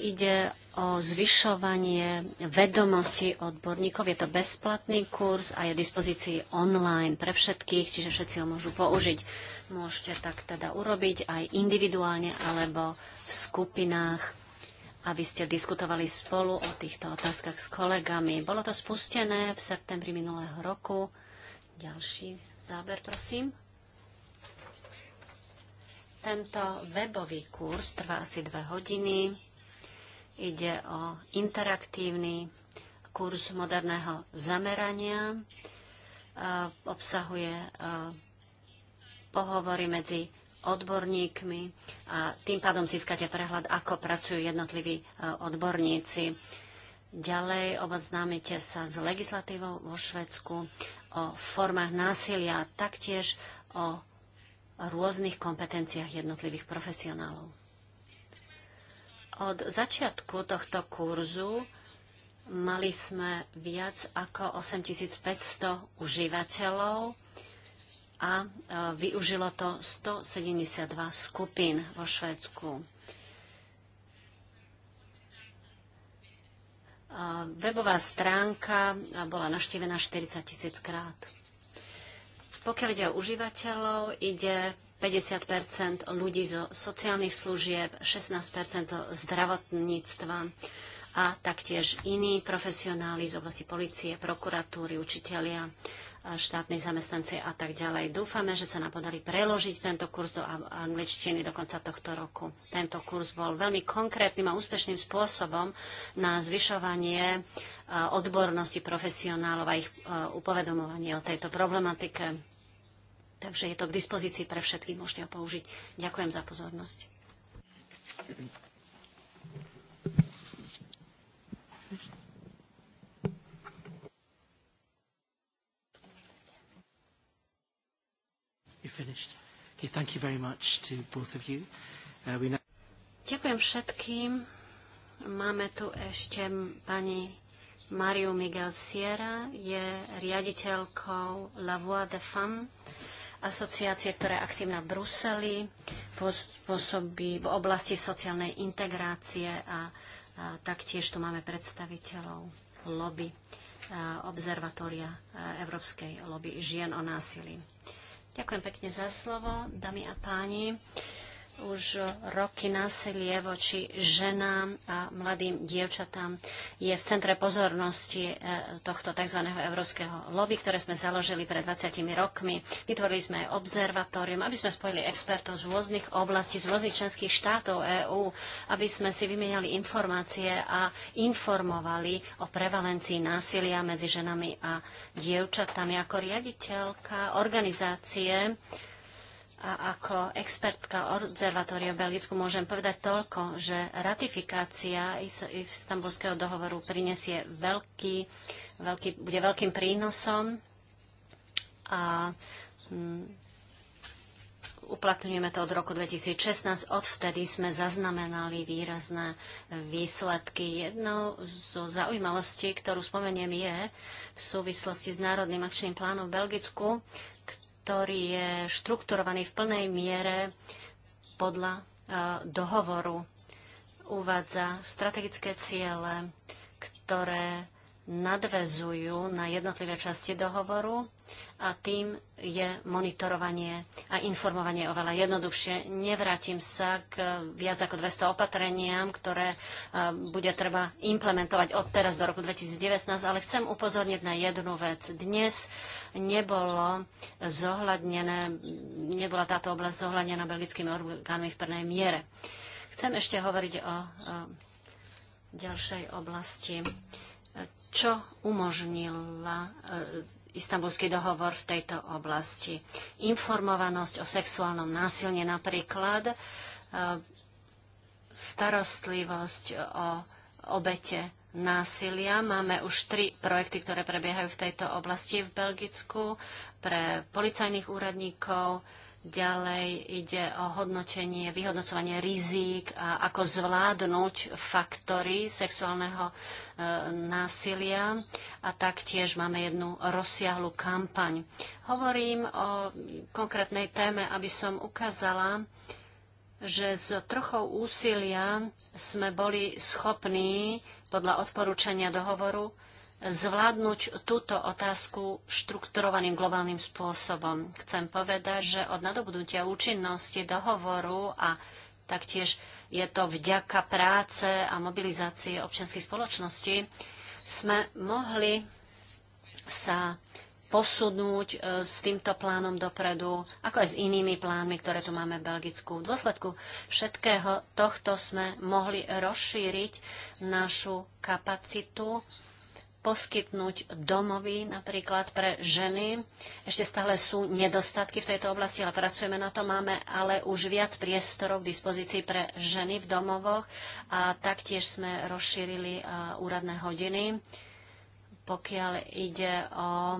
Speaker 3: Ide o zvyšovanie vedomostí odborníkov. Je to bezplatný kurz a je dispozícii online pre všetkých, čiže všetci ho môžu použiť. Môžete tak teda urobiť aj individuálne alebo v skupinách, aby ste diskutovali spolu o týchto otázkach s kolegami. Bolo to spustené v septembri minulého roku. Ďalší záber, prosím. Tento webový kurz trvá asi dve hodiny Ide o interaktívny kurz moderného zamerania. E, obsahuje e, pohovory medzi odborníkmi a tým pádom získate prehľad, ako pracujú jednotliví e, odborníci. Ďalej oboznámite sa s legislatívou vo Švedsku o formách násilia, taktiež o rôznych kompetenciách jednotlivých profesionálov. Od začiatku tohto kurzu mali sme viac ako 8500 užívateľov a e, využilo to 172 skupín vo Švédsku. Webová stránka bola naštívená 40 tisíc krát. Pokiaľ ide o užívateľov, ide 50 ľudí zo sociálnych služieb, 16 zdravotníctva a taktiež iní profesionáli z oblasti policie, prokuratúry, učitelia, štátnej zamestnanci a tak ďalej. Dúfame, že sa nám podarí preložiť tento kurz do angličtiny do konca tohto roku. Tento kurz bol veľmi konkrétnym a úspešným spôsobom na zvyšovanie odbornosti profesionálov a ich upovedomovanie o tejto problematike. Takže je to k dispozícii pre všetkých, môžete ho použiť. Ďakujem za pozornosť.
Speaker 1: Uh, Ďakujem
Speaker 3: všetkým. Máme tu ešte pani Mariu Miguel Sierra, je riaditeľkou La Voix de Femme asociácie, ktorá je aktívna v Bruseli, pôsobí v oblasti sociálnej integrácie a, a taktiež tu máme predstaviteľov lobby observatória Európskej lobby žien o násilí. Ďakujem pekne za slovo, dámy a páni už roky násilie voči ženám a mladým dievčatám je v centre pozornosti e, tohto tzv. európskeho lobby, ktoré sme založili pred 20 rokmi. Vytvorili sme aj observatórium, aby sme spojili expertov z rôznych oblastí, z rôznych členských štátov EÚ, aby sme si vymenali informácie a informovali o prevalencii násilia medzi ženami a dievčatami. Ako riaditeľka organizácie, a ako expertka Observatória Belgicku môžem povedať toľko, že ratifikácia istambulského dohovoru prinesie veľký, veľký, bude veľkým prínosom a hm, uplatňujeme to od roku 2016. Odvtedy sme zaznamenali výrazné výsledky. Jednou zo zaujímavostí, ktorú spomeniem, je v súvislosti s Národným akčným plánom v Belgicku, ktorý je štrukturovaný v plnej miere podľa e, dohovoru. Uvádza strategické ciele, ktoré nadvezujú na jednotlivé časti dohovoru a tým je monitorovanie a informovanie oveľa jednoduchšie. Nevrátim sa k viac ako 200 opatreniam, ktoré e, bude treba implementovať od teraz do roku 2019, ale chcem upozorniť na jednu vec. Dnes nebolo zohľadnené, nebola táto oblasť zohľadnená belgickými orgánmi v prvnej miere. Chcem ešte hovoriť o, o ďalšej oblasti čo umožnila e, istambulský dohovor v tejto oblasti. Informovanosť o sexuálnom násilne napríklad, e, starostlivosť o obete násilia. Máme už tri projekty, ktoré prebiehajú v tejto oblasti v Belgicku pre policajných úradníkov, Ďalej ide o hodnotenie, vyhodnocovanie rizík a ako zvládnuť faktory sexuálneho e, násilia. A taktiež máme jednu rozsiahlu kampaň. Hovorím o konkrétnej téme, aby som ukázala, že s trochou úsilia sme boli schopní podľa odporúčania dohovoru zvládnuť túto otázku štrukturovaným globálnym spôsobom. Chcem povedať, že od nadobudnutia účinnosti dohovoru a taktiež je to vďaka práce a mobilizácie občianskej spoločnosti, sme mohli sa posunúť e, s týmto plánom dopredu, ako aj s inými plánmi, ktoré tu máme v Belgicku. V dôsledku všetkého tohto sme mohli rozšíriť našu kapacitu poskytnúť domovy napríklad pre ženy. Ešte stále sú nedostatky v tejto oblasti, ale pracujeme na to. Máme ale už viac priestorov k dispozícii pre ženy v domovoch a taktiež sme rozšírili úradné hodiny, pokiaľ ide o e,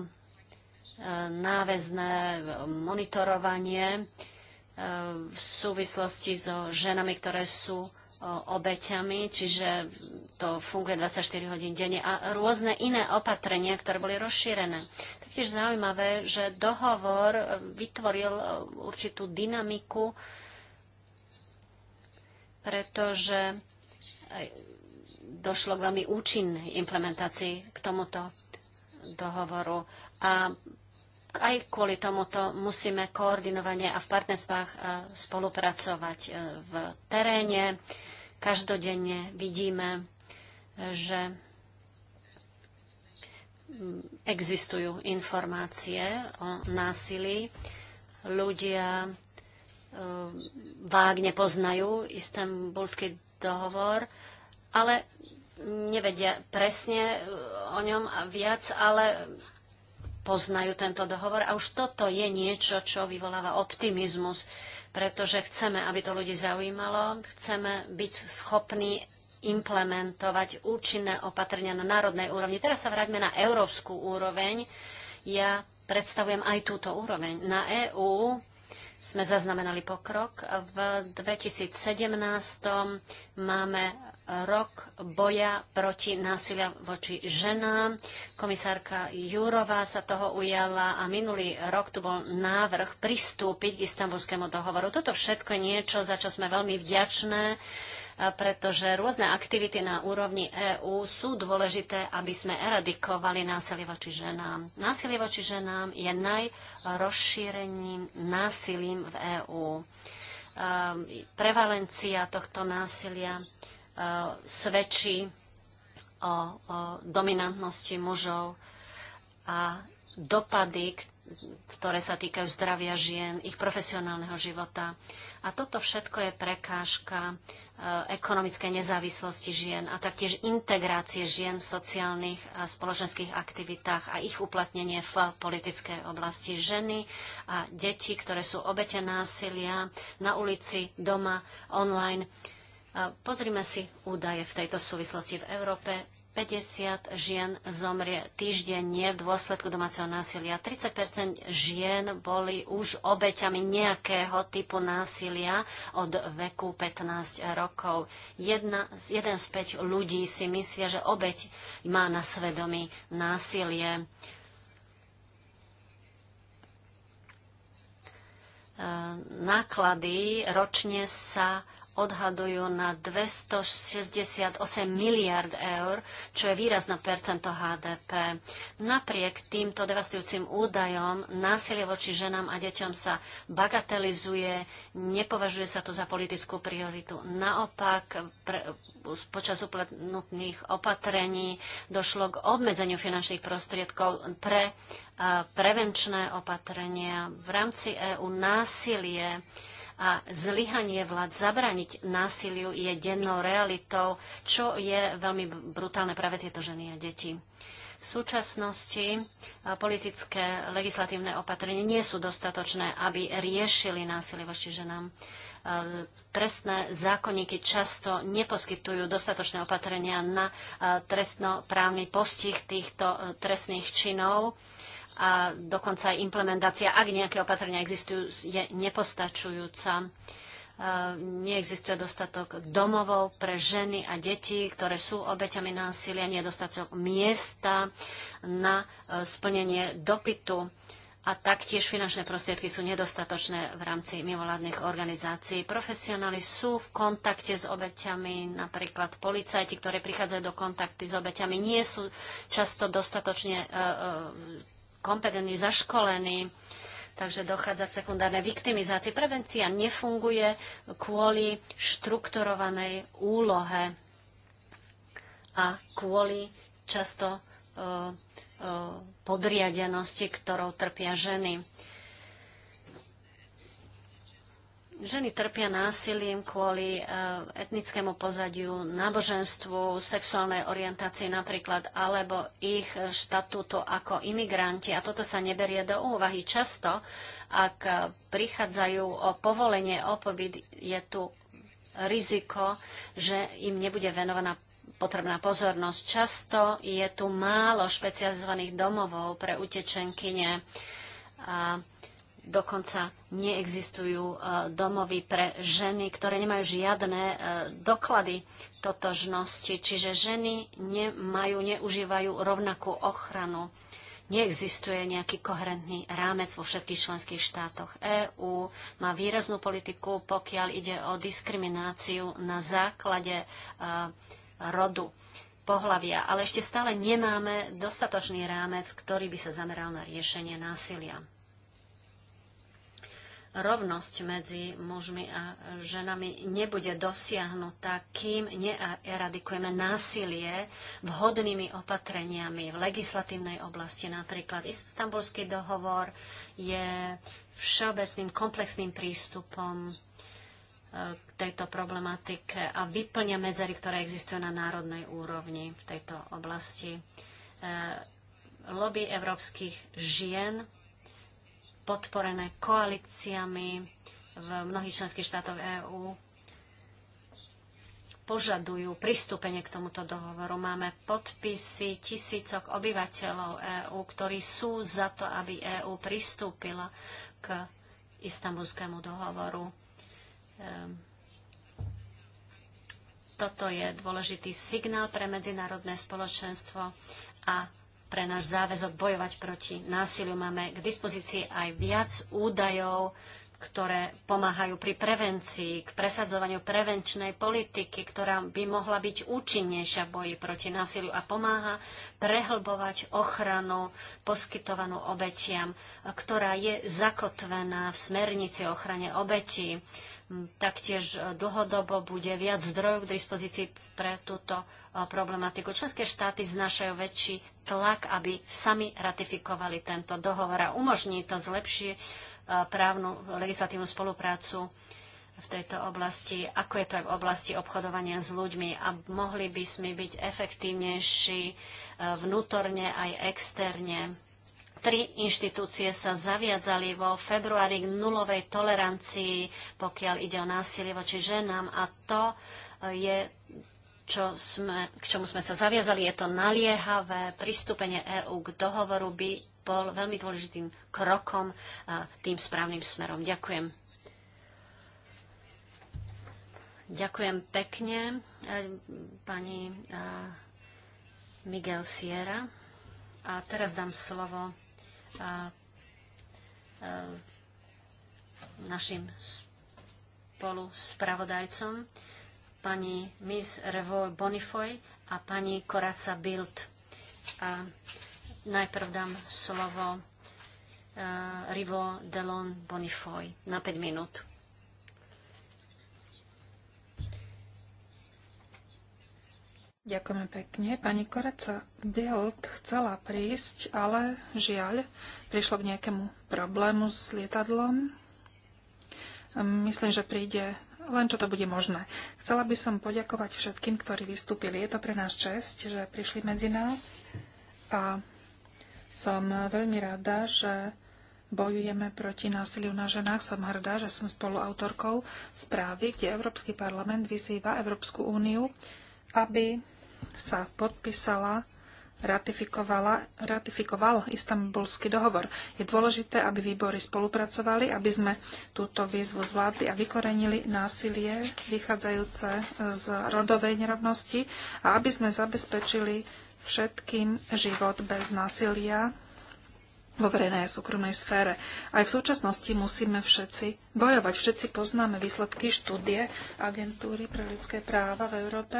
Speaker 3: náväzné e, monitorovanie e, v súvislosti so ženami, ktoré sú obeťami, čiže to funguje 24 hodín denne a rôzne iné opatrenia, ktoré boli rozšírené. Taktiež zaujímavé, že dohovor e, vytvoril e, určitú dynamiku, pretože e, došlo k veľmi účinnej implementácii k tomuto dohovoru. A aj kvôli tomuto musíme koordinovane a v partnerstvách spolupracovať v teréne Každodenne vidíme, že existujú informácie o násilí. Ľudia e, vágne poznajú istambulský dohovor, ale nevedia presne e, o ňom viac, ale poznajú tento dohovor a už toto je niečo, čo vyvoláva optimizmus pretože chceme, aby to ľudí zaujímalo, chceme byť schopní implementovať účinné opatrenia na národnej úrovni. Teraz sa vráťme na európsku úroveň. Ja predstavujem aj túto úroveň. Na EÚ sme zaznamenali pokrok. V 2017 máme rok boja proti násilia voči ženám. Komisárka Jurová sa toho ujala a minulý rok tu bol návrh pristúpiť k istambulskému dohovoru. Toto všetko je niečo, za čo sme veľmi vďačné pretože rôzne aktivity na úrovni EÚ sú dôležité, aby sme eradikovali násilie voči ženám. Násilie voči ženám je najrozšírením násilím v EÚ. Ehm, prevalencia tohto násilia svedčí o, o dominantnosti mužov a dopady, ktoré sa týkajú zdravia žien, ich profesionálneho života. A toto všetko je prekážka e, ekonomickej nezávislosti žien a taktiež integrácie žien v sociálnych a spoločenských aktivitách a ich uplatnenie v politickej oblasti. Ženy a deti, ktoré sú obete násilia na ulici, doma, online, Pozrime si údaje v tejto súvislosti. V Európe 50 žien zomrie týždenne v dôsledku domáceho násilia. 30 žien boli už obeťami nejakého typu násilia od veku 15 rokov. Jedna, jeden z 5 ľudí si myslia, že obeť má na svedomí násilie. E, náklady ročne sa odhadujú na 268 miliard eur, čo je výrazné percento HDP. Napriek týmto devastujúcim údajom násilie voči ženám a deťom sa bagatelizuje, nepovažuje sa to za politickú prioritu. Naopak, pre, počas uplatnutných opatrení došlo k obmedzeniu finančných prostriedkov pre prevenčné opatrenia. V rámci EÚ násilie a zlyhanie vlád zabraniť násiliu je dennou realitou, čo je veľmi brutálne práve tieto ženy a deti. V súčasnosti e, politické legislatívne opatrenia nie sú dostatočné, aby riešili násilie voči ženám e, trestné zákonníky často neposkytujú dostatočné opatrenia na e, trestnoprávny postih týchto trestných činov a dokonca aj implementácia, ak nejaké opatrenia existujú, je nepostačujúca. E, neexistuje dostatok domovov pre ženy a deti, ktoré sú obeťami násilia, nedostatok miesta na e, splnenie dopytu a taktiež finančné prostriedky sú nedostatočné v rámci mimovládnych organizácií. Profesionáli sú v kontakte s obeťami, napríklad policajti, ktorí prichádzajú do kontakty s obeťami, nie sú často dostatočne e, kompetentní, zaškolení, takže dochádza k sekundárnej viktimizácii. Prevencia nefunguje kvôli štrukturovanej úlohe a kvôli často eh, eh, podriadenosti, ktorou trpia ženy. Ženy trpia násilím kvôli e, etnickému pozadiu, náboženstvu, sexuálnej orientácii napríklad, alebo ich štatútu ako imigranti. A toto sa neberie do úvahy. Často, ak prichádzajú o povolenie, o pobyt, je tu riziko, že im nebude venovaná potrebná pozornosť. Často je tu málo špecializovaných domovov pre utečenkyne. A Dokonca neexistujú e, domovy pre ženy, ktoré nemajú žiadne e, doklady totožnosti. Čiže ženy nemajú, neužívajú rovnakú ochranu. Neexistuje nejaký koherentný rámec vo všetkých členských štátoch. EÚ má výraznú politiku, pokiaľ ide o diskrimináciu na základe e, rodu pohlavia, ale ešte stále nemáme dostatočný rámec, ktorý by sa zameral na riešenie násilia rovnosť medzi mužmi a ženami nebude dosiahnutá, kým neeradikujeme násilie vhodnými opatreniami v legislatívnej oblasti. Napríklad Istanbulský dohovor je všeobecným komplexným prístupom e, k tejto problematike a vyplňa medzery, ktoré existujú na národnej úrovni v tejto oblasti. E, lobby európskych žien podporené koalíciami v mnohých členských štátoch EÚ požadujú pristúpenie k tomuto dohovoru. Máme podpisy tisícok obyvateľov EÚ, ktorí sú za to, aby EÚ pristúpila k istambulskému dohovoru. Ehm, toto je dôležitý signál pre medzinárodné spoločenstvo a pre náš záväzok bojovať proti násiliu. Máme k dispozícii aj viac údajov, ktoré pomáhajú pri prevencii, k presadzovaniu prevenčnej politiky, ktorá by mohla byť účinnejšia v boji proti násiliu a pomáha prehlbovať ochranu poskytovanú obetiam, ktorá je zakotvená v smernici ochrane obetí. Taktiež dlhodobo bude viac zdrojov k dispozícii pre túto Eh, problematiku. Členské štáty znašajú väčší tlak, aby sami ratifikovali tento dohovor a umožní to zlepšie eh, právnu legislatívnu spoluprácu v tejto oblasti, ako je to aj v oblasti obchodovania s ľuďmi a mohli by sme byť efektívnejší eh, vnútorne aj externe. Tri inštitúcie sa zaviadzali vo februári k nulovej tolerancii, pokiaľ ide o násilie voči ženám a to je čo sme, k čomu sme sa zaviazali. Je to naliehavé pristúpenie EÚ k dohovoru by bol veľmi dôležitým krokom a tým správnym smerom. Ďakujem. Ďakujem pekne e, pani e, Miguel Sierra. A teraz dám slovo e, našim spolu spravodajcom pani Miss Revol Bonifoy a pani Koraca Bild. A najprv dám slovo uh, e, Rivo Delon Bonifoy na 5 minút.
Speaker 2: Ďakujeme pekne. Pani Koraca Bild chcela prísť, ale žiaľ, prišlo k nejakému problému s lietadlom. Myslím, že príde len čo to bude možné. Chcela by som poďakovať všetkým, ktorí vystúpili. Je to pre nás čest, že prišli medzi nás a som veľmi rada, že bojujeme proti násiliu na ženách. Som hrdá, že som spoluautorkou správy, kde Európsky parlament vyzýva Európsku úniu, aby sa podpísala ratifikoval istambulský dohovor. Je dôležité, aby výbory spolupracovali, aby sme túto výzvu zvládli a vykorenili násilie vychádzajúce z rodovej nerovnosti a aby sme zabezpečili všetkým život bez násilia vo verejnej a súkromnej sfére. Aj v súčasnosti musíme všetci bojovať. Všetci poznáme výsledky štúdie Agentúry pre ľudské práva v Európe,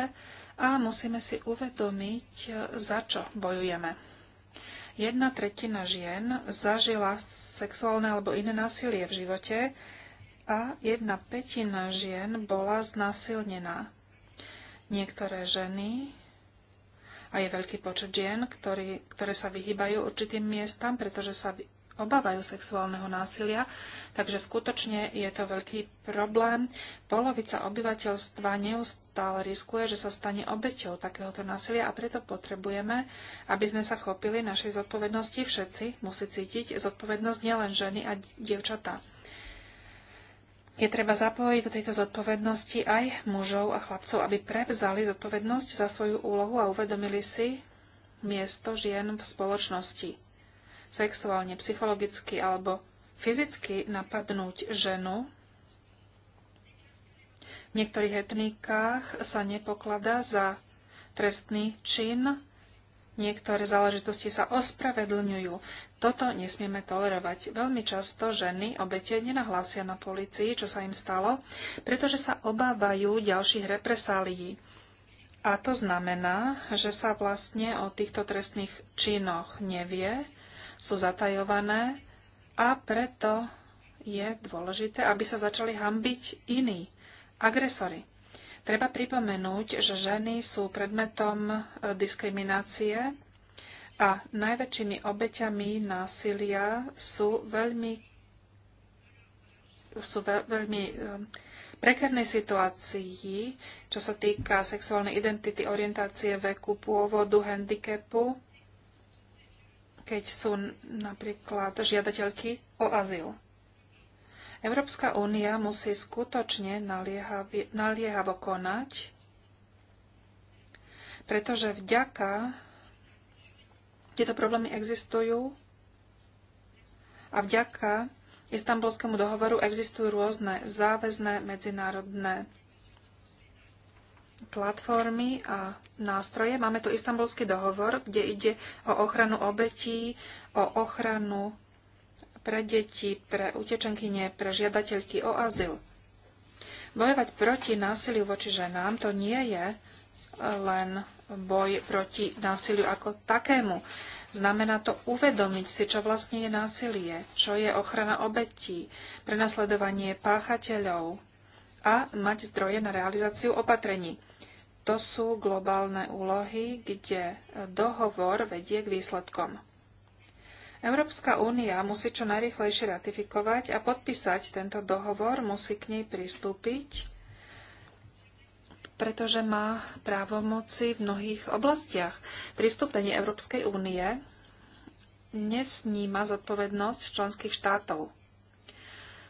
Speaker 2: a musíme si uvedomiť, za čo bojujeme. Jedna tretina žien zažila sexuálne alebo iné násilie v živote a jedna petina žien bola znásilnená. Niektoré ženy a je veľký počet žien, ktorý, ktoré sa vyhýbajú určitým miestam, pretože sa obávajú sexuálneho násilia, takže skutočne je to veľký problém. Polovica obyvateľstva neustále riskuje, že sa stane obeťou takéhoto násilia a preto potrebujeme, aby sme sa chopili našej zodpovednosti. Všetci musí cítiť zodpovednosť nielen ženy a dievčatá. Je treba zapojiť do tejto zodpovednosti aj mužov a chlapcov, aby prevzali zodpovednosť za svoju úlohu a uvedomili si miesto žien v spoločnosti sexuálne, psychologicky alebo fyzicky napadnúť ženu, v niektorých etnikách sa nepokladá za trestný čin, niektoré záležitosti sa ospravedlňujú. Toto nesmieme tolerovať. Veľmi často ženy obete nenahlásia na policii, čo sa im stalo, pretože sa obávajú ďalších represálií. A to znamená, že sa vlastne o týchto trestných činoch nevie, sú zatajované a preto je dôležité, aby sa začali hambiť iní, agresory. Treba pripomenúť, že ženy sú predmetom e, diskriminácie a najväčšími obeťami násilia sú veľmi, sú veľmi e, prekernej situácii, čo sa týka sexuálnej identity, orientácie, veku, pôvodu, handicapu keď sú napríklad žiadateľky o azyl. Európska únia musí skutočne naliehavo konať, pretože vďaka tieto problémy existujú a vďaka istambulskému dohovoru existujú rôzne záväzné medzinárodné platformy a nástroje. Máme tu istambulský dohovor, kde ide o ochranu obetí, o ochranu pre deti, pre utečenkyne, pre žiadateľky o azyl. Bojovať proti násiliu voči ženám to nie je len boj proti násiliu ako takému. Znamená to uvedomiť si, čo vlastne je násilie, čo je ochrana obetí, prenasledovanie páchateľov, a mať zdroje na realizáciu opatrení. To sú globálne úlohy, kde dohovor vedie k výsledkom. Európska únia musí čo najrychlejšie ratifikovať a podpísať tento dohovor, musí k nej pristúpiť, pretože má právomoci v mnohých oblastiach. Pristúpenie Európskej únie nesníma zodpovednosť členských štátov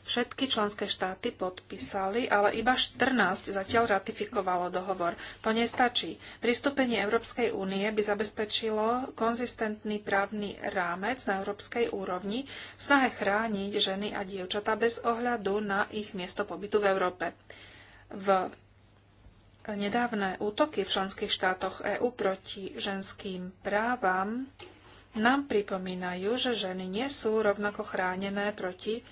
Speaker 2: Všetky členské štáty podpísali, ale iba 14 zatiaľ ratifikovalo dohovor. To nestačí. Pristúpenie Európskej únie by zabezpečilo konzistentný právny rámec na európskej úrovni v snahe chrániť ženy a dievčatá bez ohľadu na ich miesto pobytu v Európe. V nedávne útoky v členských štátoch EÚ proti ženským právam nám pripomínajú, že ženy nie sú rovnako chránené proti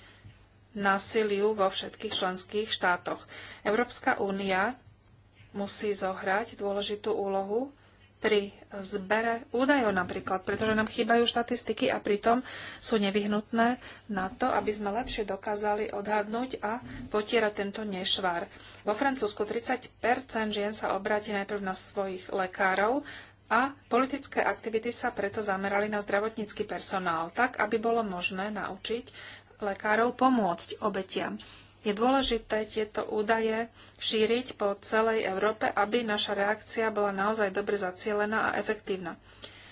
Speaker 2: násiliu vo všetkých členských štátoch. Európska únia musí zohrať dôležitú úlohu pri zbere údajov napríklad, pretože nám chýbajú štatistiky a pritom sú nevyhnutné na to, aby sme lepšie dokázali odhadnúť a potierať tento nešvar. Vo Francúzsku 30 žien sa obráti najprv na svojich lekárov a politické aktivity sa preto zamerali na zdravotnícky personál, tak aby bolo možné naučiť lekárov pomôcť obetiam. Je dôležité tieto údaje šíriť po celej Európe, aby naša reakcia bola naozaj dobre zacielená a efektívna.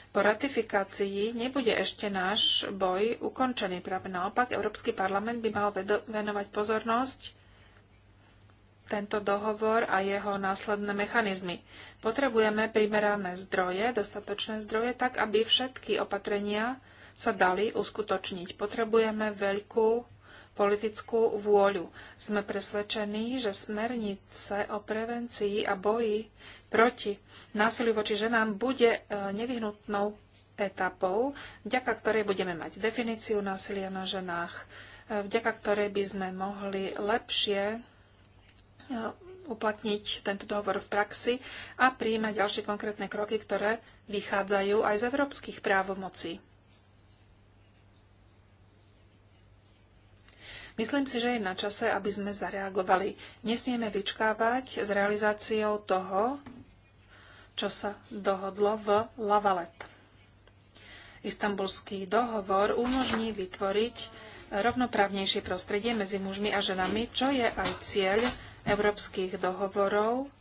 Speaker 2: Po ratifikácii nebude ešte náš boj ukončený. Práve naopak, Európsky parlament by mal venovať pozornosť tento dohovor a jeho následné mechanizmy. Potrebujeme primerané zdroje, dostatočné zdroje, tak aby všetky opatrenia sa dali uskutočniť. Potrebujeme veľkú politickú vôľu. Sme presvedčení, že smernice o prevencii a boji proti násiliu voči ženám bude e, nevyhnutnou etapou, vďaka ktorej budeme mať definíciu násilia na ženách, e, vďaka ktorej by sme mohli lepšie e, uplatniť tento dohovor v praxi a príjmať ďalšie konkrétne kroky, ktoré vychádzajú aj z európskych právomocí. Myslím si, že je na čase, aby sme zareagovali. Nesmieme vyčkávať s realizáciou toho, čo sa dohodlo v Lavalet. Istanbulský dohovor umožní vytvoriť rovnoprávnejšie prostredie medzi mužmi a ženami, čo je aj cieľ európskych dohovorov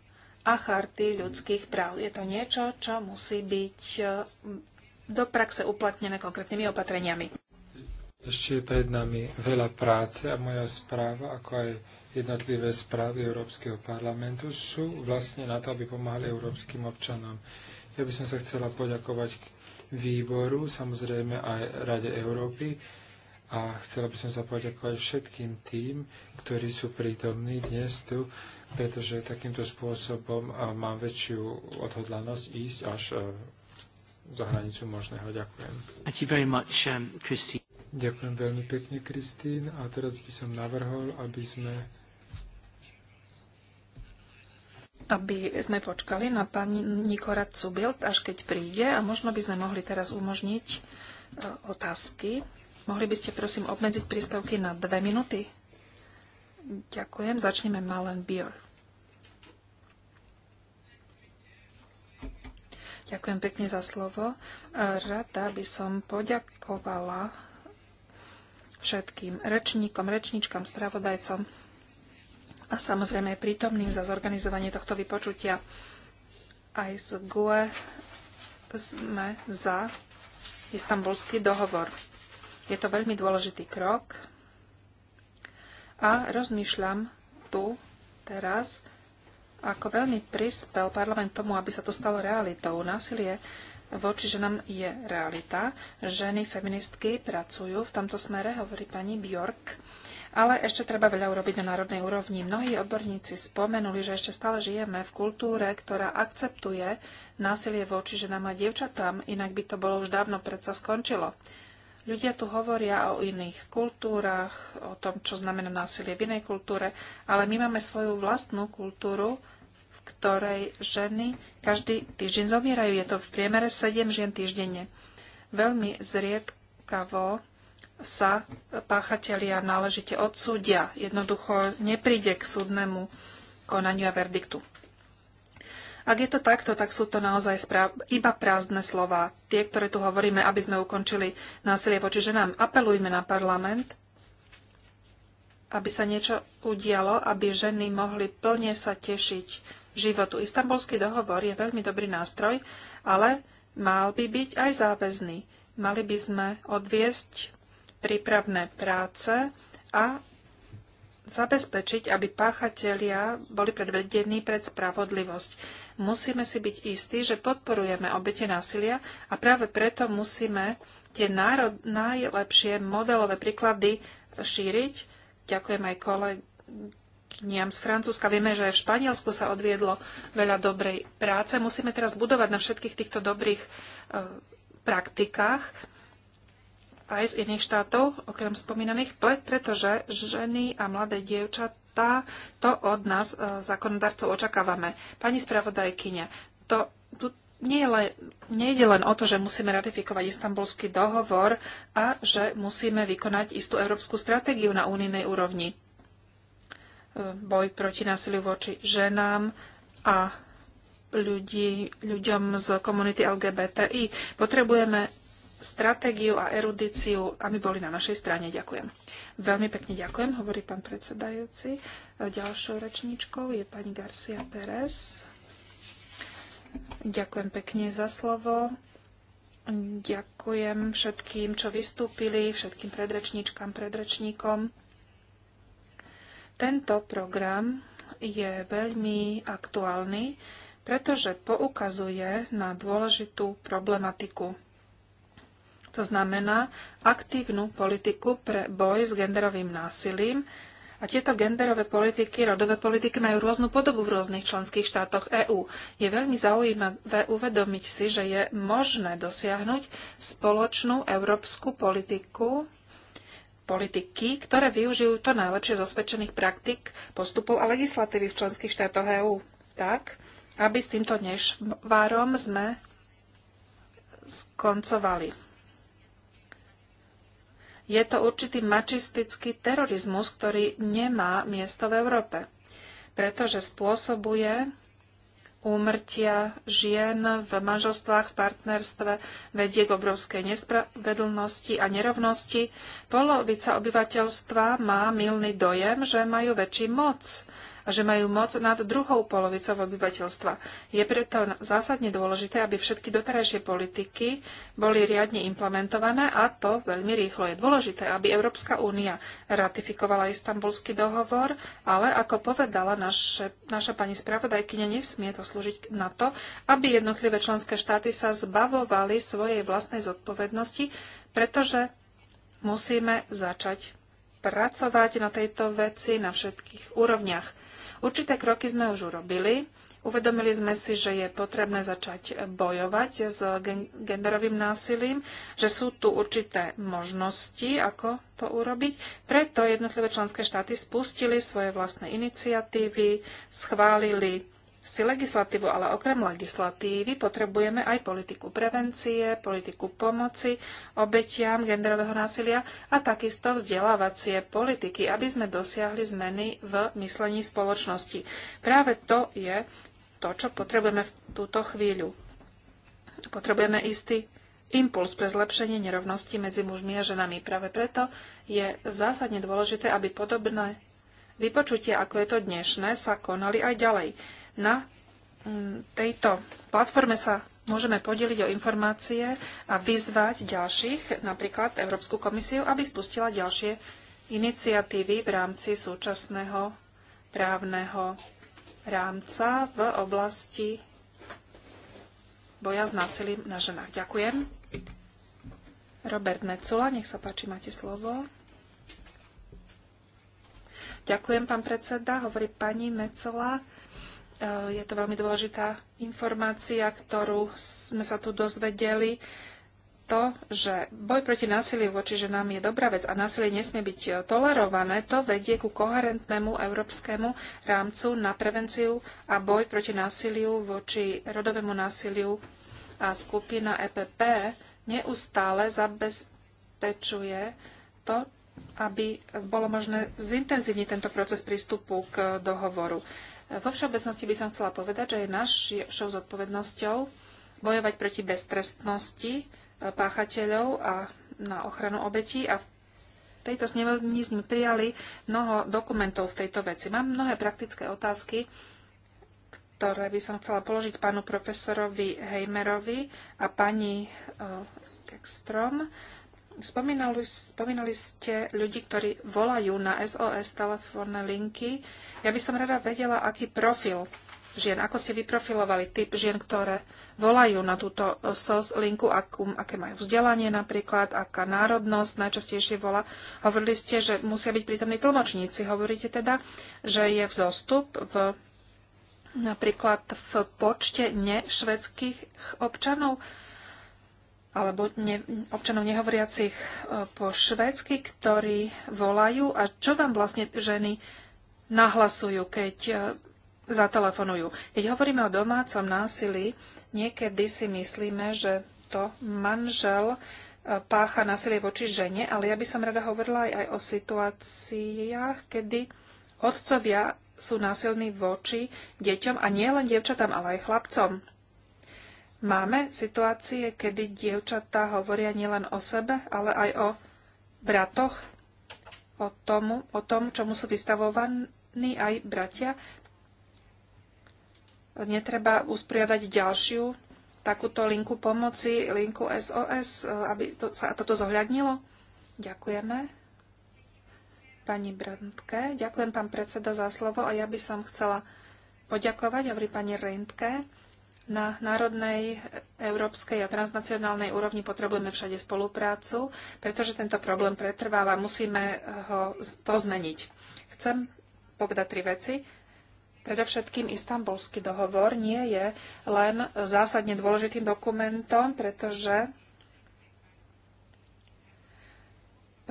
Speaker 2: a charty ľudských práv. Je to niečo, čo musí byť do praxe uplatnené konkrétnymi opatreniami.
Speaker 1: Ešte je pred nami veľa práce a moja správa, ako aj jednotlivé správy Európskeho parlamentu, sú vlastne na to, aby pomáhali európskym občanom. Ja by som sa chcela poďakovať výboru, samozrejme aj Rade Európy a chcela by som sa poďakovať všetkým tým, ktorí sú prítomní dnes tu, pretože takýmto spôsobom mám väčšiu odhodlanosť ísť až eh, za hranicu možného. Ďakujem. Thank you very much, um, Ďakujem veľmi pekne, Kristín. A teraz by som navrhol, aby sme
Speaker 2: aby sme počkali na pani Nikora Cubil, až keď príde a možno by sme mohli teraz umožniť e, otázky. Mohli by ste prosím obmedziť príspevky na dve minúty? Ďakujem. Začneme Malen Bior. Ďakujem pekne za slovo. E, rada by som poďakovala všetkým rečníkom, rečníčkam, spravodajcom a samozrejme aj prítomným za zorganizovanie tohto vypočutia. Aj z GUE sme za istambulský dohovor. Je to veľmi dôležitý krok a rozmýšľam tu teraz, ako veľmi prispel parlament tomu, aby sa to stalo realitou. Násilie voči ženám je realita. Ženy feministky pracujú v tomto smere, hovorí pani Bjork. Ale ešte treba veľa urobiť na národnej úrovni. Mnohí odborníci spomenuli, že ešte stále žijeme v kultúre, ktorá akceptuje násilie voči ženám a dievčatám, inak by to bolo už dávno predsa skončilo. Ľudia tu hovoria o iných kultúrach, o tom, čo znamená násilie v inej kultúre, ale my máme svoju vlastnú kultúru, ktorej ženy každý týždeň zomierajú. Je to v priemere 7 žien týždenne. Veľmi zriedkavo sa páchatelia náležite odsúdia. Jednoducho nepríde k súdnemu konaniu a verdiktu. Ak je to takto, tak sú to naozaj iba prázdne slova. Tie, ktoré tu hovoríme, aby sme ukončili násilie voči ženám. Apelujme na parlament, aby sa niečo udialo, aby ženy mohli plne sa tešiť životu. Istanbulský dohovor je veľmi dobrý nástroj, ale mal by byť aj záväzný. Mali by sme odviesť prípravné práce a zabezpečiť, aby páchatelia boli predvedení pred spravodlivosť. Musíme si byť istí, že podporujeme obete násilia a práve preto musíme tie národ, najlepšie modelové príklady šíriť. Ďakujem aj kolegom kniam z Francúzska. Vieme, že v Španielsku sa odviedlo veľa dobrej práce. Musíme teraz budovať na všetkých týchto dobrých e, praktikách aj z iných štátov, okrem spomínaných, pretože ženy a mladé dievčatá to od nás, e, zákonodarcov, očakávame. Pani spravodajkyňa, to, tu nie le, len, nejde len o to, že musíme ratifikovať istambulský dohovor a že musíme vykonať istú európsku stratégiu na únijnej úrovni boj proti násiliu voči ženám a ľudí, ľuďom z komunity LGBTI. Potrebujeme stratégiu a erudíciu, aby boli na našej strane. Ďakujem. Veľmi pekne ďakujem, hovorí pán predsedajúci. Ďalšou rečníčkou je pani Garcia Pérez. Ďakujem pekne za slovo. Ďakujem všetkým, čo vystúpili, všetkým predrečníčkám, predrečníkom. Tento program je veľmi aktuálny, pretože poukazuje na dôležitú problematiku. To znamená aktívnu politiku pre boj s genderovým násilím. A tieto genderové politiky, rodové politiky majú rôznu podobu v rôznych členských štátoch EÚ. Je veľmi zaujímavé uvedomiť si, že je možné dosiahnuť spoločnú európsku politiku politiky, ktoré využijú to najlepšie zo spečených praktik, postupov a legislatívy v členských štátoch EÚ. Tak, aby s týmto nešvárom sme skoncovali. Je to určitý mačistický terorizmus, ktorý nemá miesto v Európe, pretože spôsobuje úmrtia žien v manželstvách, v partnerstve vedie k obrovskej nespravedlnosti a nerovnosti. Polovica obyvateľstva má milný dojem, že majú väčší moc a že majú moc nad druhou polovicou obyvateľstva. Je preto zásadne dôležité, aby všetky doterajšie politiky boli riadne implementované a to veľmi rýchlo. Je dôležité, aby Európska únia ratifikovala istambulský dohovor, ale ako povedala naše, naša pani spravodajkyňa, nesmie to slúžiť na to, aby jednotlivé členské štáty sa zbavovali svojej vlastnej zodpovednosti, pretože musíme začať pracovať na tejto veci na všetkých úrovniach. Určité kroky sme už urobili. Uvedomili sme si, že je potrebné začať bojovať s genderovým násilím, že sú tu určité možnosti, ako to urobiť. Preto jednotlivé členské štáty spustili svoje vlastné iniciatívy, schválili si legislatívu, ale okrem legislatívy potrebujeme aj politiku prevencie, politiku pomoci obetiam genderového násilia a takisto vzdelávacie politiky, aby sme dosiahli zmeny v myslení spoločnosti. Práve to je to, čo potrebujeme v túto chvíľu. Potrebujeme istý impuls pre zlepšenie nerovnosti medzi mužmi a ženami. Práve preto je zásadne dôležité, aby podobné vypočutia, ako je to dnešné, sa konali aj ďalej. Na mm, tejto platforme sa môžeme podeliť o informácie a vyzvať ďalších, napríklad Európsku komisiu, aby spustila ďalšie iniciatívy v rámci súčasného právneho rámca v oblasti boja s násilím na ženách. Ďakujem. Robert Necula, nech sa páči, máte slovo. Ďakujem, pán predseda. Hovorí pani Necula. Eh, je to veľmi dôležitá informácia, ktorú sme sa tu dozvedeli. To, že boj proti násiliu voči ženám je dobrá vec a násilie nesmie byť eh, tolerované, to vedie ku koherentnému európskemu rámcu na prevenciu a boj proti násiliu voči rodovému násiliu a skupina EPP neustále zabezpečuje to, aby bolo možné zintenzívniť tento proces prístupu k dohovoru. Vo všeobecnosti by som chcela povedať, že je našou zodpovednosťou bojovať proti beztrestnosti e, páchateľov a na ochranu obetí a v tejto snemovni sme prijali mnoho dokumentov v tejto veci. Mám mnohé praktické otázky, ktoré by som chcela položiť pánu profesorovi Heimerovi a pani e, Kekstrom. Uh, Spomínali, spomínali ste ľudí, ktorí volajú na SOS telefónne linky. Ja by som rada vedela, aký profil žien, ako ste vyprofilovali typ žien, ktoré volajú na túto SOS linku, akú, aké majú vzdelanie napríklad, aká národnosť najčastejšie volá. Hovorili ste, že musia byť prítomní tlmočníci. Hovoríte teda, že je vzostup v, napríklad v počte nešvedských občanov alebo ne, občanov nehovoriacich e, po švédsky, ktorí volajú a čo vám vlastne ženy nahlasujú, keď e, zatelefonujú. Keď hovoríme o domácom násilí, niekedy si myslíme, že to manžel e, pácha násilie voči žene, ale ja by som rada hovorila aj, aj o situáciách, kedy otcovia sú násilní voči deťom a nie len dievčatám, ale aj chlapcom. Máme situácie, kedy dievčatá hovoria nielen o sebe, ale aj o bratoch, o, tomu, o tom, čomu sú vystavovaní aj bratia. Netreba uspriadať ďalšiu takúto linku pomoci, linku SOS, e, aby to, sa toto zohľadnilo. Ďakujeme. Pani Brandke, ďakujem pán predseda za slovo a ja by som chcela poďakovať, hovorí pani Reintke na národnej, európskej a transnacionálnej úrovni potrebujeme všade spoluprácu, pretože tento problém pretrváva. Musíme eh, ho to zmeniť. Chcem povedať tri veci. Predovšetkým istambulský dohovor nie je len zásadne dôležitým dokumentom, pretože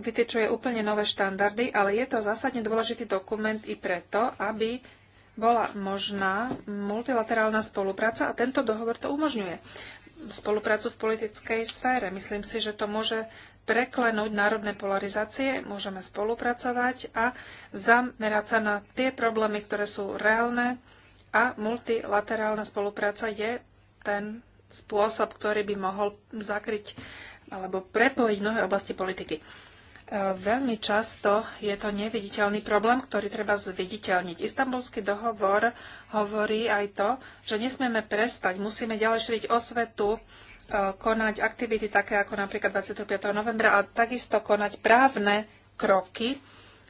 Speaker 2: vytečuje úplne nové štandardy, ale je to zásadne dôležitý dokument i preto, aby bola možná multilaterálna spolupráca a tento dohovor to umožňuje. Spoluprácu v politickej sfére. Myslím si, že to môže preklenúť národné polarizácie, môžeme spolupracovať a zamerať sa na tie problémy, ktoré sú reálne a multilaterálna spolupráca je ten spôsob, ktorý by mohol zakryť alebo prepojiť mnohé oblasti politiky. E, veľmi často je to neviditeľný problém, ktorý treba zviditeľniť. Istanbulský dohovor hovorí aj to, že nesmieme prestať, musíme ďalej šíriť osvetu, e, konať aktivity také ako napríklad 25. novembra a takisto konať právne kroky,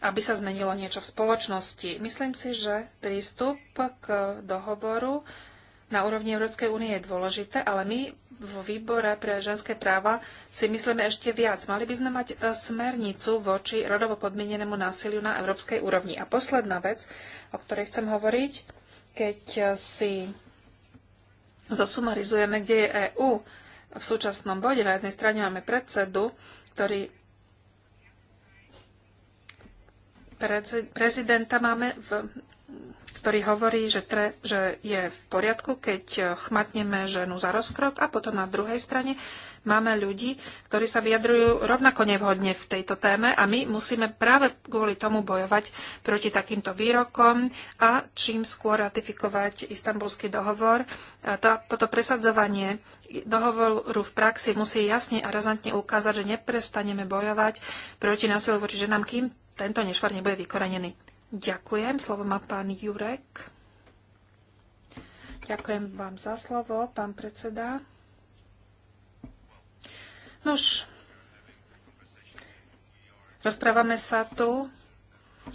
Speaker 2: aby sa zmenilo niečo v spoločnosti. Myslím si, že prístup k dohovoru na úrovni Európskej únie je dôležité, ale my vo výbore pre ženské práva si myslíme ešte viac. Mali by sme mať e, smernicu voči rodovo podmienenému násiliu na európskej úrovni. A posledná vec, o ktorej chcem hovoriť, keď e, si zosumarizujeme, kde je EÚ v súčasnom bode. Na jednej strane máme predsedu, ktorý prezidenta máme v ktorý hovorí, že, tre, že je v poriadku, keď chmatneme ženu za rozkrok a potom na druhej strane máme ľudí, ktorí sa vyjadrujú rovnako nevhodne v tejto téme a my musíme práve kvôli tomu bojovať proti takýmto výrokom a čím skôr ratifikovať istambulský dohovor. Tá, toto presadzovanie dohovoru v praxi musí jasne a razantne ukázať, že neprestaneme bojovať proti násilu voči ženám, kým tento nešvar nebude vykorenený. Ďakujem. Slovo má pán Jurek. Ďakujem vám za slovo, pán predseda. Nož, rozprávame sa tu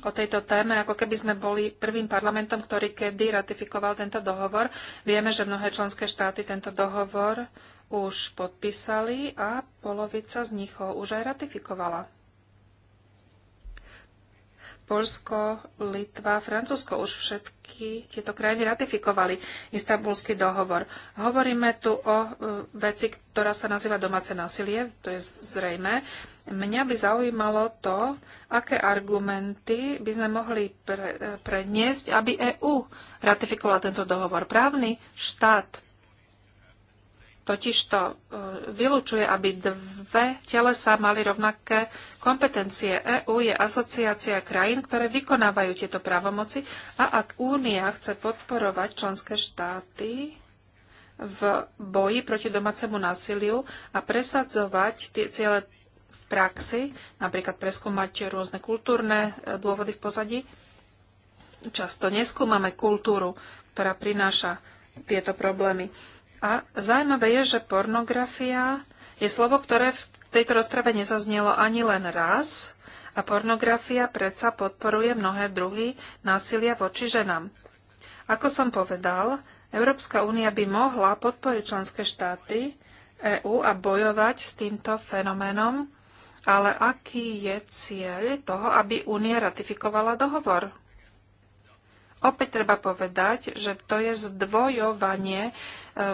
Speaker 2: o tejto téme, ako keby sme boli prvým parlamentom, ktorý kedy ratifikoval tento dohovor. Vieme, že mnohé členské štáty tento dohovor už podpísali a polovica z nich ho už aj ratifikovala. Polsko, Litva, Francúzsko už všetky tieto krajiny ratifikovali istambulský dohovor. Hovoríme tu o e, veci, ktorá sa nazýva domáce násilie, to je zrejme. Mňa by zaujímalo to, aké argumenty by sme mohli pre, e, predniesť, aby EÚ ratifikovala tento dohovor. Právny štát totižto e, vylúčuje, aby dve telesa mali rovnaké kompetencie. EÚ je asociácia krajín, ktoré vykonávajú tieto právomoci a ak Únia chce podporovať členské štáty v boji proti domácemu násiliu a presadzovať tie ciele v praxi, napríklad preskúmať rôzne kultúrne e, dôvody v pozadí, často neskúmame kultúru, ktorá prináša tieto problémy. A zaujímavé je, že pornografia je slovo, ktoré v tejto rozprave nezaznelo ani len raz a pornografia predsa podporuje mnohé druhy násilia voči ženám. Ako som povedal, Európska únia by mohla podporiť členské štáty EÚ a bojovať s týmto fenoménom, ale aký je cieľ toho, aby únia ratifikovala dohovor? Opäť treba povedať, že to je zdvojovanie e,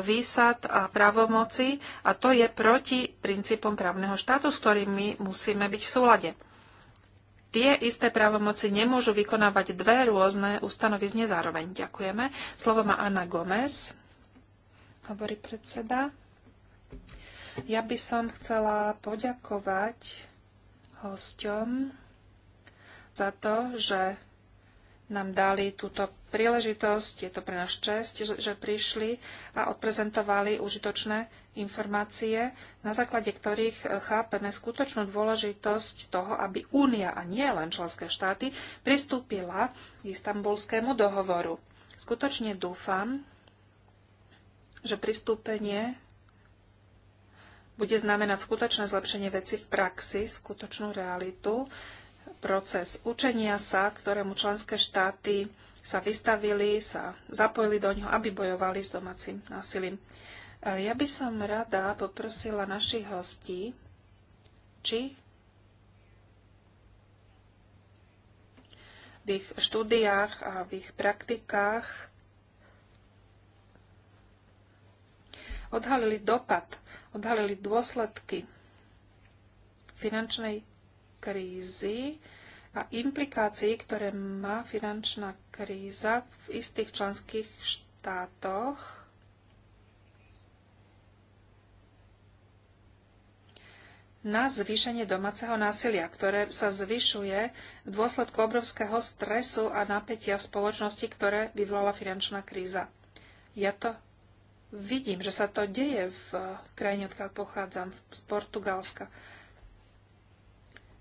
Speaker 2: výsad a právomoci a to je proti princípom právneho štátu, s ktorými musíme byť v súlade. Tie isté právomoci nemôžu vykonávať dve rôzne ustanovizne zároveň. Ďakujeme. Slovo má Anna Gomez, hovorí predseda. Ja by som chcela poďakovať hosťom za to, že nám dali túto príležitosť. Je to pre nás čest, že, že prišli a odprezentovali užitočné informácie, na základe ktorých e, chápeme skutočnú dôležitosť toho, aby Únia a nie len členské štáty pristúpila k istambulskému dohovoru. Skutočne dúfam, že pristúpenie bude znamenať skutočné zlepšenie veci v praxi, skutočnú realitu proces učenia sa, ktorému členské štáty sa vystavili, sa zapojili do ňoho, aby bojovali s domácim násilím. E, ja by som rada poprosila našich hostí, či v ich štúdiách a v ich praktikách odhalili dopad, odhalili dôsledky finančnej krízy a implikácií, ktoré má finančná kríza v istých členských štátoch. na zvýšenie domáceho násilia, ktoré sa zvyšuje v dôsledku obrovského stresu a napätia v spoločnosti, ktoré vyvolala finančná kríza. Ja to vidím, že sa to deje v krajine, odkiaľ pochádzam, z Portugalska.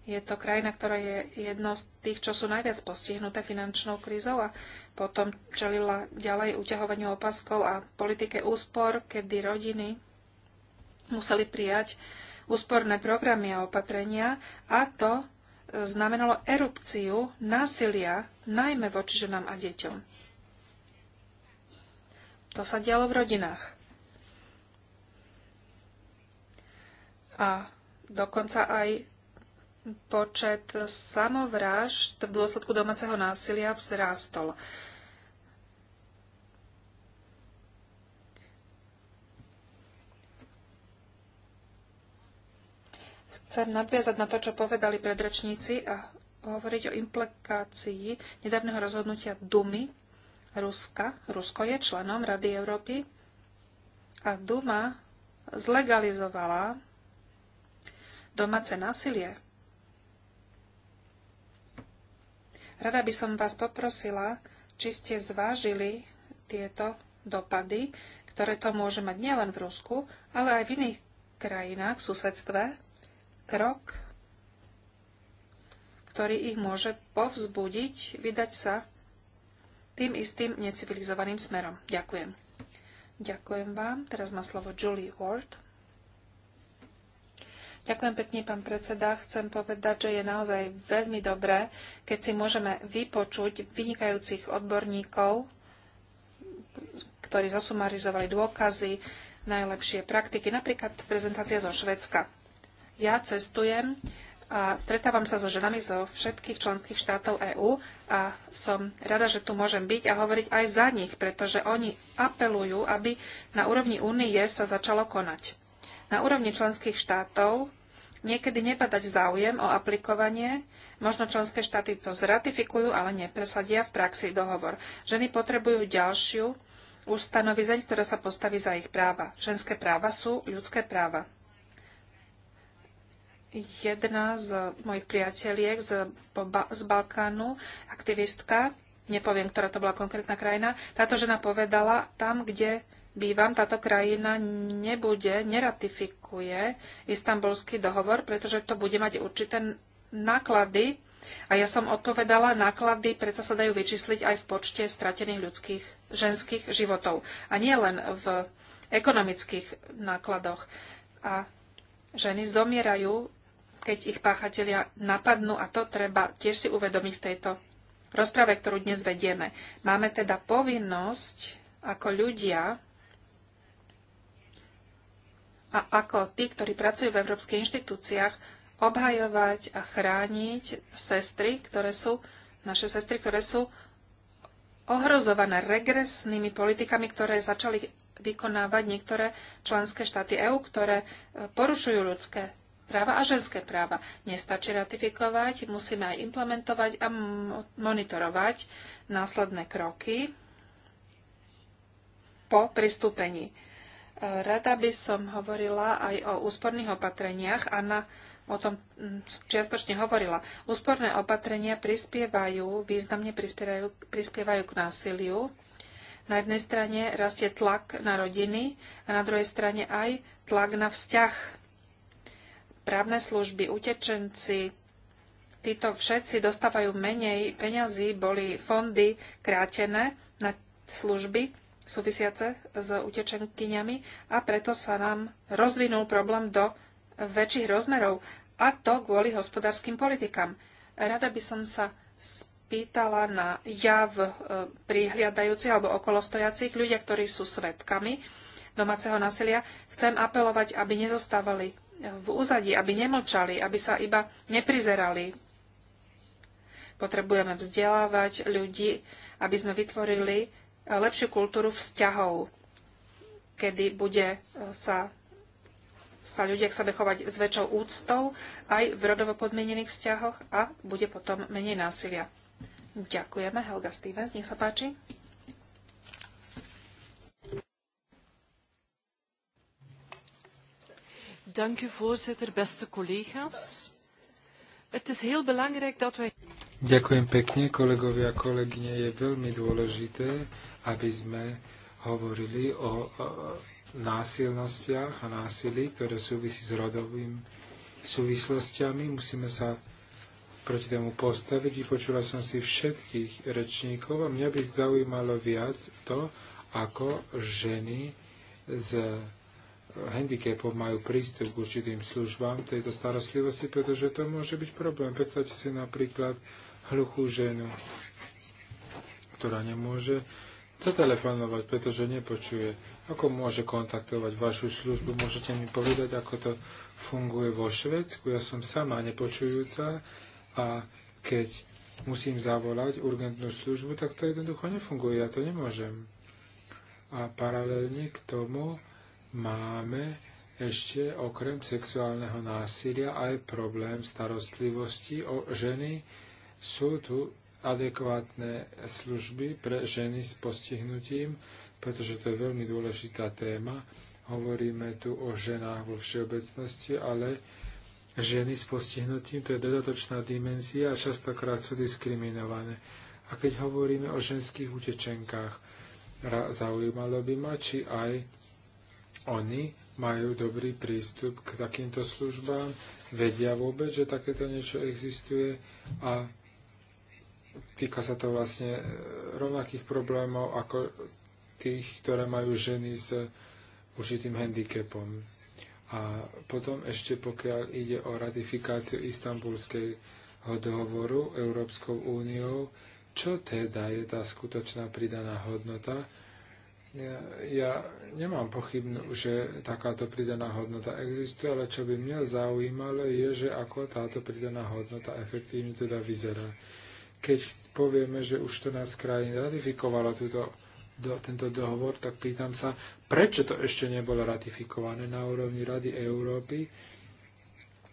Speaker 2: Je to krajina, ktorá je jedno z tých, čo sú najviac postihnuté finančnou krízou a potom čelila ďalej uťahovaniu opaskov a politike úspor, kedy rodiny museli prijať úsporné programy a opatrenia a to e, znamenalo erupciu násilia, najmä voči ženám a deťom. To sa dialo v rodinách. A dokonca aj počet samovrážd v dôsledku domáceho násilia vzrástol. Chcem nadviazať na to, čo povedali predrečníci a hovoriť o implikácii nedávneho rozhodnutia Dumy Ruska. Rusko je členom Rady Európy a Duma zlegalizovala domáce násilie Rada by som vás poprosila, či ste zvážili tieto dopady, ktoré to môže mať nielen v Rusku, ale aj v iných krajinách v susedstve, krok, ktorý ich môže povzbudiť vydať sa tým istým necivilizovaným smerom. Ďakujem. Ďakujem vám. Teraz má slovo Julie Ward. Ďakujem pekne, pán predseda. Chcem povedať, že je naozaj veľmi dobré, keď si môžeme vypočuť vynikajúcich odborníkov, ktorí zosumarizovali dôkazy, najlepšie praktiky, napríklad prezentácia zo Švedska. Ja cestujem a stretávam sa so ženami zo všetkých členských štátov EÚ a som rada, že tu môžem byť a hovoriť aj za nich, pretože oni apelujú, aby na úrovni únie sa začalo konať. Na úrovni členských štátov niekedy nepadať záujem o aplikovanie, možno členské štáty to zratifikujú, ale nepresadia v praxi dohovor. Ženy potrebujú ďalšiu ustanovizeň, ktorá sa postaví za ich práva. Ženské práva sú ľudské práva jedna z mojich priateliek z, ba, z Balkánu, aktivistka, nepoviem, ktorá to bola konkrétna krajina, táto žena povedala, tam, kde bývam, táto krajina nebude, neratifikuje istambulský dohovor, pretože to bude mať určité náklady. A ja som odpovedala, náklady predsa sa dajú vyčísliť aj v počte stratených ľudských, ženských životov. A nie len v ekonomických nákladoch. A ženy zomierajú, keď ich páchatelia napadnú a to treba tiež si uvedomiť v tejto rozprave, ktorú dnes vedieme. Máme teda povinnosť ako ľudia a ako tí, ktorí pracujú v európskych inštitúciách, obhajovať a chrániť sestry, ktoré sú, naše sestry, ktoré sú ohrozované regresnými politikami, ktoré začali vykonávať niektoré členské štáty EÚ, ktoré e, porušujú ľudské práva a ženské práva. Nestačí ratifikovať, musíme aj implementovať a monitorovať následné kroky po pristúpení. Rada by som hovorila aj o úsporných opatreniach. Anna o tom mm, čiastočne hovorila. Úsporné opatrenia prispievajú, významne prispievajú, prispievajú k násiliu. Na jednej strane rastie tlak na rodiny a na druhej strane aj tlak na vzťah. Právne služby, utečenci, títo všetci dostávajú menej peňazí, boli fondy krátené na služby súvisiace s utečenkyňami a preto sa nám rozvinul problém do väčších rozmerov a to kvôli hospodárskym politikám. Rada by som sa spýtala na jav e, prihliadajúcich alebo okolostojacích ľudia, ktorí sú svetkami domáceho násilia. Chcem apelovať, aby nezostávali e, v úzadí, aby nemlčali, aby sa iba neprizerali. Potrebujeme vzdelávať ľudí, aby sme vytvorili lepšiu kultúru vzťahov, kedy bude e, sa, sa ľudia k sebe chovať s väčšou úctou aj v rodovo podmienených vzťahoch a bude potom menej násilia. Ďakujeme. Helga Stevens, nech sa páči. Dank u voorzitter, beste collega's. Het is heel belangrijk dat wij...
Speaker 1: Ďakujem pekne, kolegovia a kolegyne. Je veľmi dôležité, aby sme hovorili o, o násilnostiach a násilí, ktoré súvisí s rodovým súvislostiami. Musíme sa proti tomu postaviť. Vypočula som si všetkých rečníkov a mňa by zaujímalo viac to, ako ženy s handicapom majú prístup k určitým službám tejto starostlivosti, pretože to môže byť problém. Predstavte si napríklad hluchú ženu, ktorá nemôže zatelefonovať, pretože nepočuje. Ako môže kontaktovať vašu službu? Môžete mi povedať, ako to funguje vo Švedsku? Ja som sama nepočujúca a keď musím zavolať urgentnú službu, tak to jednoducho nefunguje. Ja to nemôžem. A paralelne k tomu máme ešte okrem sexuálneho násilia aj problém starostlivosti o ženy, sú tu adekvátne služby pre ženy s postihnutím, pretože to je veľmi dôležitá téma. Hovoríme tu o ženách vo všeobecnosti, ale ženy s postihnutím, to je dodatočná dimenzia a častokrát sú diskriminované. A keď hovoríme o ženských utečenkách, zaujímalo by ma, či aj oni majú dobrý prístup k takýmto službám, vedia vôbec, že takéto niečo existuje a Týka sa to vlastne e, rovnakých problémov ako tých, ktoré majú ženy s e, určitým handicapom. A potom ešte pokiaľ ide o ratifikáciu istambulského dohovoru Európskou úniou, čo teda je tá skutočná pridaná hodnota? Ja, ja nemám pochybnú, že takáto pridaná hodnota existuje, ale čo by mňa zaujímalo je, že ako táto pridaná hodnota efektívne teda vyzerá. Keď povieme, že už 14 krajín ratifikovalo túto, do, tento dohovor, tak pýtam sa, prečo to ešte nebolo ratifikované na úrovni Rady Európy.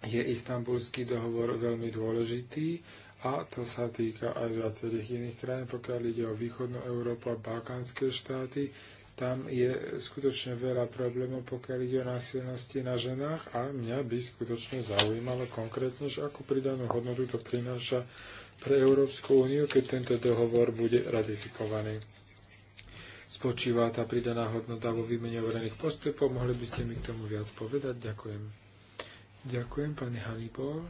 Speaker 1: Je istambulský dohovor veľmi dôležitý a to sa týka aj viacerých iných krajín, pokiaľ ide o východnú Európu a balkánske štáty. Tam je skutočne veľa problémov, pokiaľ ide o násilnosti na ženách a mňa by skutočne zaujímalo konkrétne, že akú pridanú hodnotu to prináša pre Európsku úniu, keď tento dohovor bude ratifikovaný. Spočíva tá pridaná hodnota vo výmene overených postupov. Mohli by ste mi k tomu viac povedať? Ďakujem. Ďakujem, pani Halibor.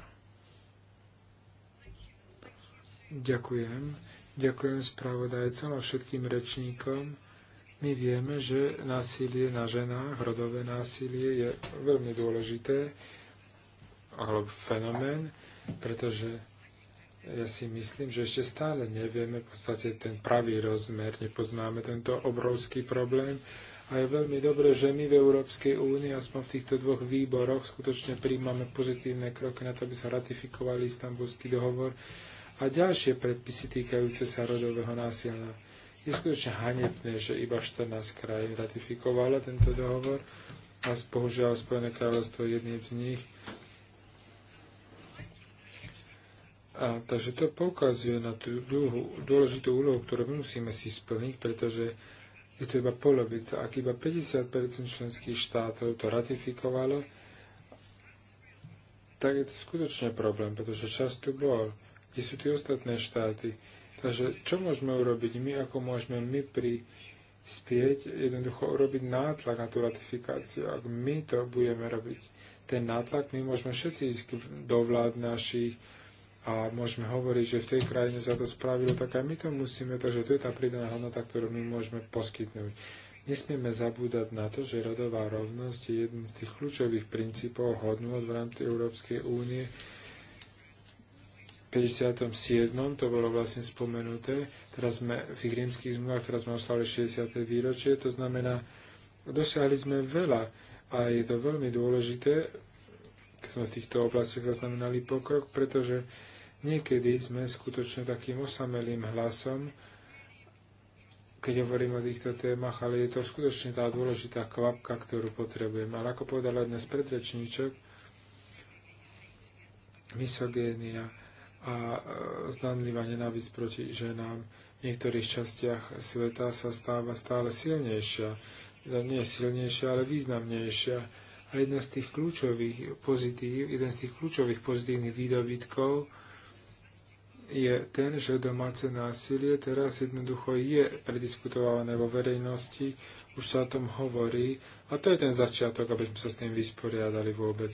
Speaker 1: Ďakujem. Ďakujem spravodajcom a všetkým rečníkom. My vieme, že násilie na ženách, rodové násilie je veľmi dôležité alebo fenomén, pretože ja si myslím, že ešte stále nevieme v podstate ten pravý rozmer, nepoznáme tento obrovský problém a je veľmi dobré, že my v Európskej únii, aspoň v týchto dvoch výboroch, skutočne príjmame pozitívne kroky na to, aby sa ratifikoval istambulský dohovor a ďalšie predpisy týkajúce sa rodového násilia. Je skutočne hanebné, že iba 14 krajín ratifikovalo tento dohovor a bohužiaľ Spojené kráľovstvo je jedným z nich A, takže to poukazuje na tú dôležitú úlohu, ktorú my musíme si splniť, pretože je to iba polovica. Ak iba 50 členských štátov to ratifikovalo, tak je to skutočne problém, pretože čas tu bol. Kde sú tie ostatné štáty? Takže čo môžeme urobiť my, ako môžeme my prispieť, jednoducho urobiť nátlak na tú ratifikáciu. Ak my to budeme robiť, ten nátlak, my môžeme všetci ísť do vlád našich, a môžeme hovoriť, že v tej krajine sa to spravilo, tak aj my to musíme, takže to je tá pridaná hodnota, ktorú my môžeme poskytnúť. Nesmieme zabúdať na to, že rodová rovnosť je jeden z tých kľúčových princípov hodnot v rámci Európskej únie. V 57. to bolo vlastne spomenuté, teraz sme v tých rímskych zmluvách, teraz sme oslali 60. výročie, to znamená, dosiahli sme veľa a je to veľmi dôležité, keď sme v týchto oblastiach zaznamenali pokrok, pretože Niekedy sme skutočne takým osamelým hlasom, keď hovorím o týchto témach, ale je to skutočne tá dôležitá kvapka, ktorú potrebujem. Ale ako povedala dnes predrečníčok, misogénia a e, zdanlivá nenávisť proti ženám v niektorých častiach sveta sa stáva stále silnejšia. No, nie silnejšia, ale významnejšia. A jedna z tých kľúčových pozitív, jeden z tých kľúčových pozitívnych výdobytkov, je ten, že domáce násilie teraz jednoducho je prediskutované vo verejnosti, už sa o tom hovorí a to je ten začiatok, aby sme sa s tým vysporiadali vôbec.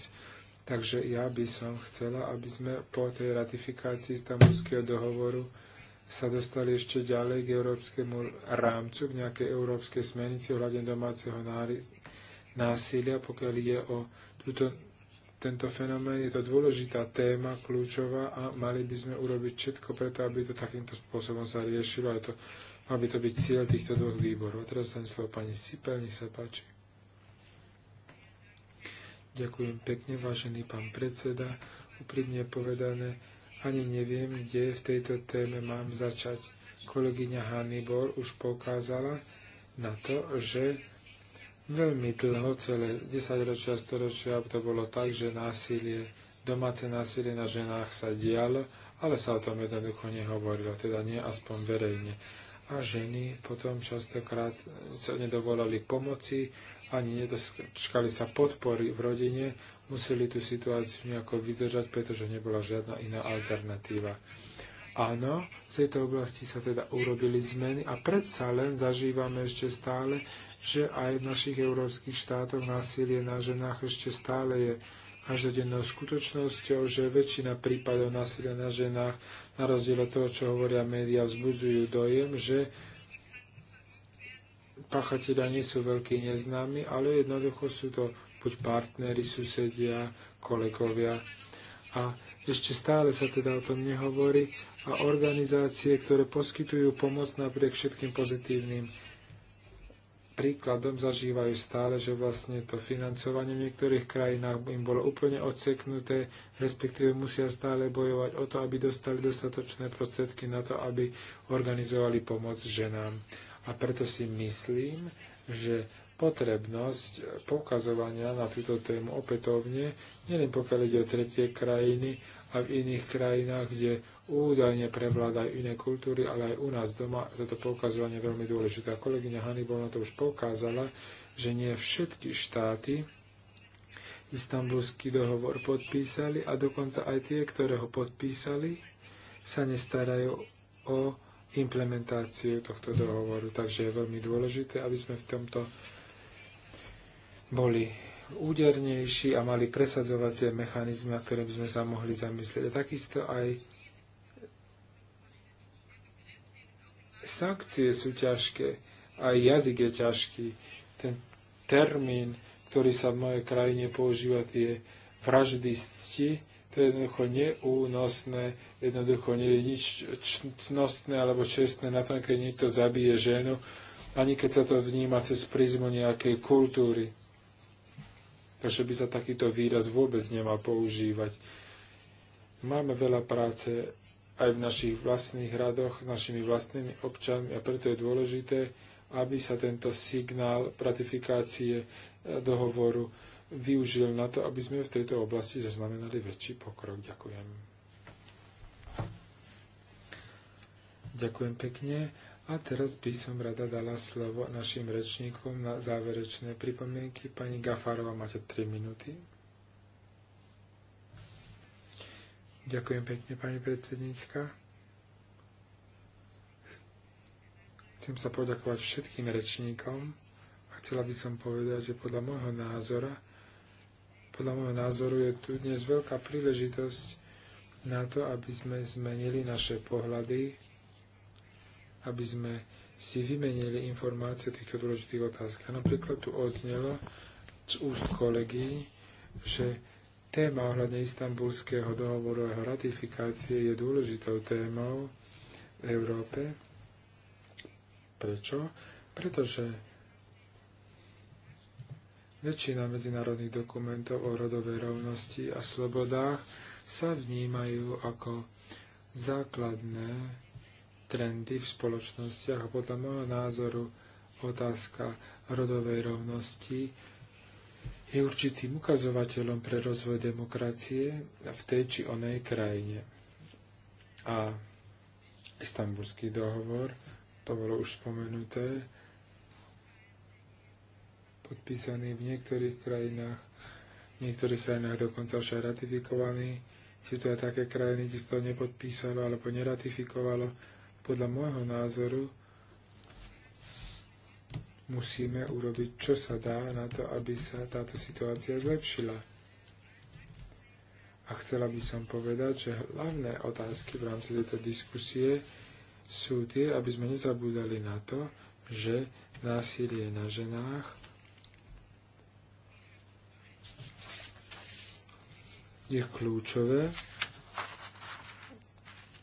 Speaker 1: Takže ja by som chcela, aby sme po tej ratifikácii Stambulského dohovoru sa dostali ešte ďalej k európskemu rámcu, k nejakej európskej smernici ohľadne domáceho násilia, pokiaľ je o túto tento fenomén. Je to dôležitá téma, kľúčová a mali by sme urobiť všetko preto, aby to takýmto spôsobom sa riešilo. A to, mal by to byť cieľ týchto dvoch výborov. Teraz dám slovo pani Sipel, nech sa páči. Ďakujem pekne, vážený pán predseda. Úprimne povedané, ani neviem, kde v tejto téme mám začať. Kolegyňa Hannibal už poukázala na to, že Veľmi dlho, celé 10 ročia, 100 ročia, to bolo tak, že násilie, domáce násilie na ženách sa dialo, ale sa o tom jednoducho nehovorilo, teda nie aspoň verejne. A ženy potom častokrát sa nedovolali pomoci, ani nedočkali sa podpory v rodine, museli tú situáciu nejako vydržať, pretože nebola žiadna iná alternatíva. Áno, v tejto oblasti sa teda urobili zmeny a predsa len zažívame ešte stále, že aj v našich európskych štátoch násilie na ženách ešte stále je každodennou skutočnosťou, že väčšina prípadov násilia na ženách, na rozdiel od toho, čo hovoria médiá, vzbudzujú dojem, že pachatelia nie sú veľkí neznámi, ale jednoducho sú to buď partnery, susedia, kolegovia. A ešte stále sa teda o tom nehovorí a organizácie, ktoré poskytujú pomoc napriek všetkým pozitívnym príkladom zažívajú stále, že vlastne to financovanie v niektorých krajinách im bolo úplne odseknuté, respektíve musia stále bojovať o to, aby dostali dostatočné prostriedky na to, aby organizovali pomoc ženám. A preto si myslím, že potrebnosť poukazovania na túto tému opätovne, nielen pokiaľ ide o tretie krajiny a v iných krajinách, kde údajne prevládajú iné kultúry, ale aj u nás doma toto poukazovanie je veľmi dôležité. A kolegyňa Hannibal na to už poukázala, že nie všetky štáty istambulský dohovor podpísali a dokonca aj tie, ktoré ho podpísali, sa nestarajú o implementáciu tohto dohovoru. Takže je veľmi dôležité, aby sme v tomto boli údernejší a mali presadzovacie mechanizmy, na ktoré by sme sa mohli zamyslieť. A takisto aj sankcie sú ťažké, aj jazyk je ťažký. Ten termín, ktorý sa v mojej krajine používa, tie vraždisti, to je jednoducho neúnosné, jednoducho nie je nič čnostné alebo čestné na tom, keď niekto zabije ženu, ani keď sa to vníma cez prízmu nejakej kultúry. Takže by sa takýto výraz vôbec nemal používať. Máme veľa práce aj v našich vlastných radoch s našimi vlastnými občanmi a preto je dôležité, aby sa tento signál ratifikácie e, dohovoru využil na to, aby sme v tejto oblasti zaznamenali väčší pokrok. Ďakujem. Ďakujem pekne. A teraz by som rada dala slovo našim rečníkom na záverečné pripomienky. Pani Gafarova máte 3 minúty. Ďakujem pekne, pani predsednička. Chcem sa poďakovať všetkým rečníkom a chcela by som povedať, že podľa môjho názora, podľa môjho názoru je tu dnes veľká príležitosť na to, aby sme zmenili naše pohľady aby sme si vymenili informácie o týchto dôležitých otázkach. Napríklad tu odznelo z úst kolegy, že téma ohľadne istambulského dohovoru a jeho ratifikácie je dôležitou témou v Európe. Prečo? Pretože väčšina medzinárodných dokumentov o rodovej rovnosti a slobodách sa vnímajú ako základné trendy v spoločnostiach a podľa môjho názoru otázka rodovej rovnosti je určitým ukazovateľom pre rozvoj demokracie v tej či onej krajine. A istambulský dohovor, to bolo už spomenuté, podpísaný v niektorých krajinách, v niektorých krajinách dokonca už aj ratifikovaný. Sú to aj také krajiny, kde sa to nepodpísalo alebo neratifikovalo podľa môjho názoru musíme urobiť, čo sa dá na to, aby sa táto situácia zlepšila. A chcela by som povedať, že hlavné otázky v rámci tejto diskusie sú tie, aby sme nezabúdali na to, že násilie na ženách je kľúčové